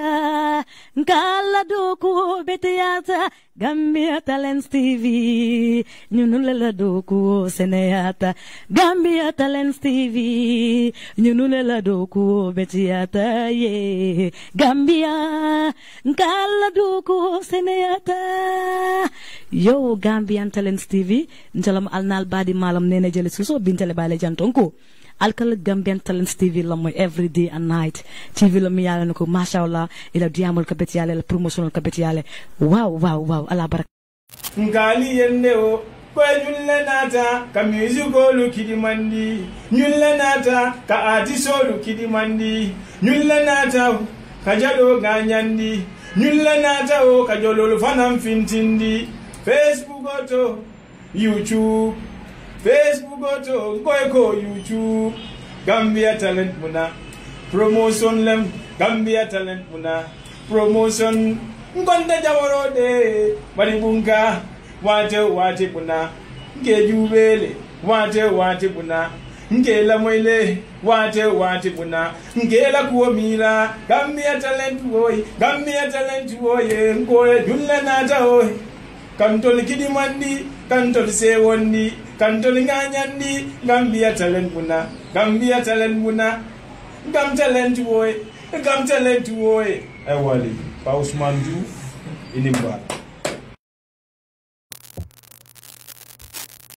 nkala dokuwo betiata Gambia Talents TV ñu nu le la dookuwoo Sénéata Gambia Talents TV ñu le la dookuwoo Betiata yee Gambia nkaal la dookuwoo Sénéata yow Gambian Talents TV ncalam alnaal baadi maalam neena jële suso bintale baale jantonko alkal Gambian talent TV la mooy every day and night TV la mi yaala na ko ila diyamol kabet yaale la promotion kabet yaale waaw wow wow ala baraka ngaali yende o koye ñulle naata ka musicolu kidimandi ñulle naata ka artisolu kidimandi ñulle naata ka jaɗo gañandi ñulle naata o ka jolol fanan fintindi facebook oto youtube facebook oto nkoyko youtube gambia talent muna promotion lem gambia talent muna promotion ngonde jaworode mari bunka wate wate muna nkejuubele wate wate muna nke moile wate wate buna nkela kuomila gambia talent woy gambia talent woye nkoye julle nata kantol kiɗimanɗi kantol sewonɗi se gañanɗi ngam mbiya talen gambia ngam mbiya talen buna ngam talent woye ngam talent e wali pa ousmane diouf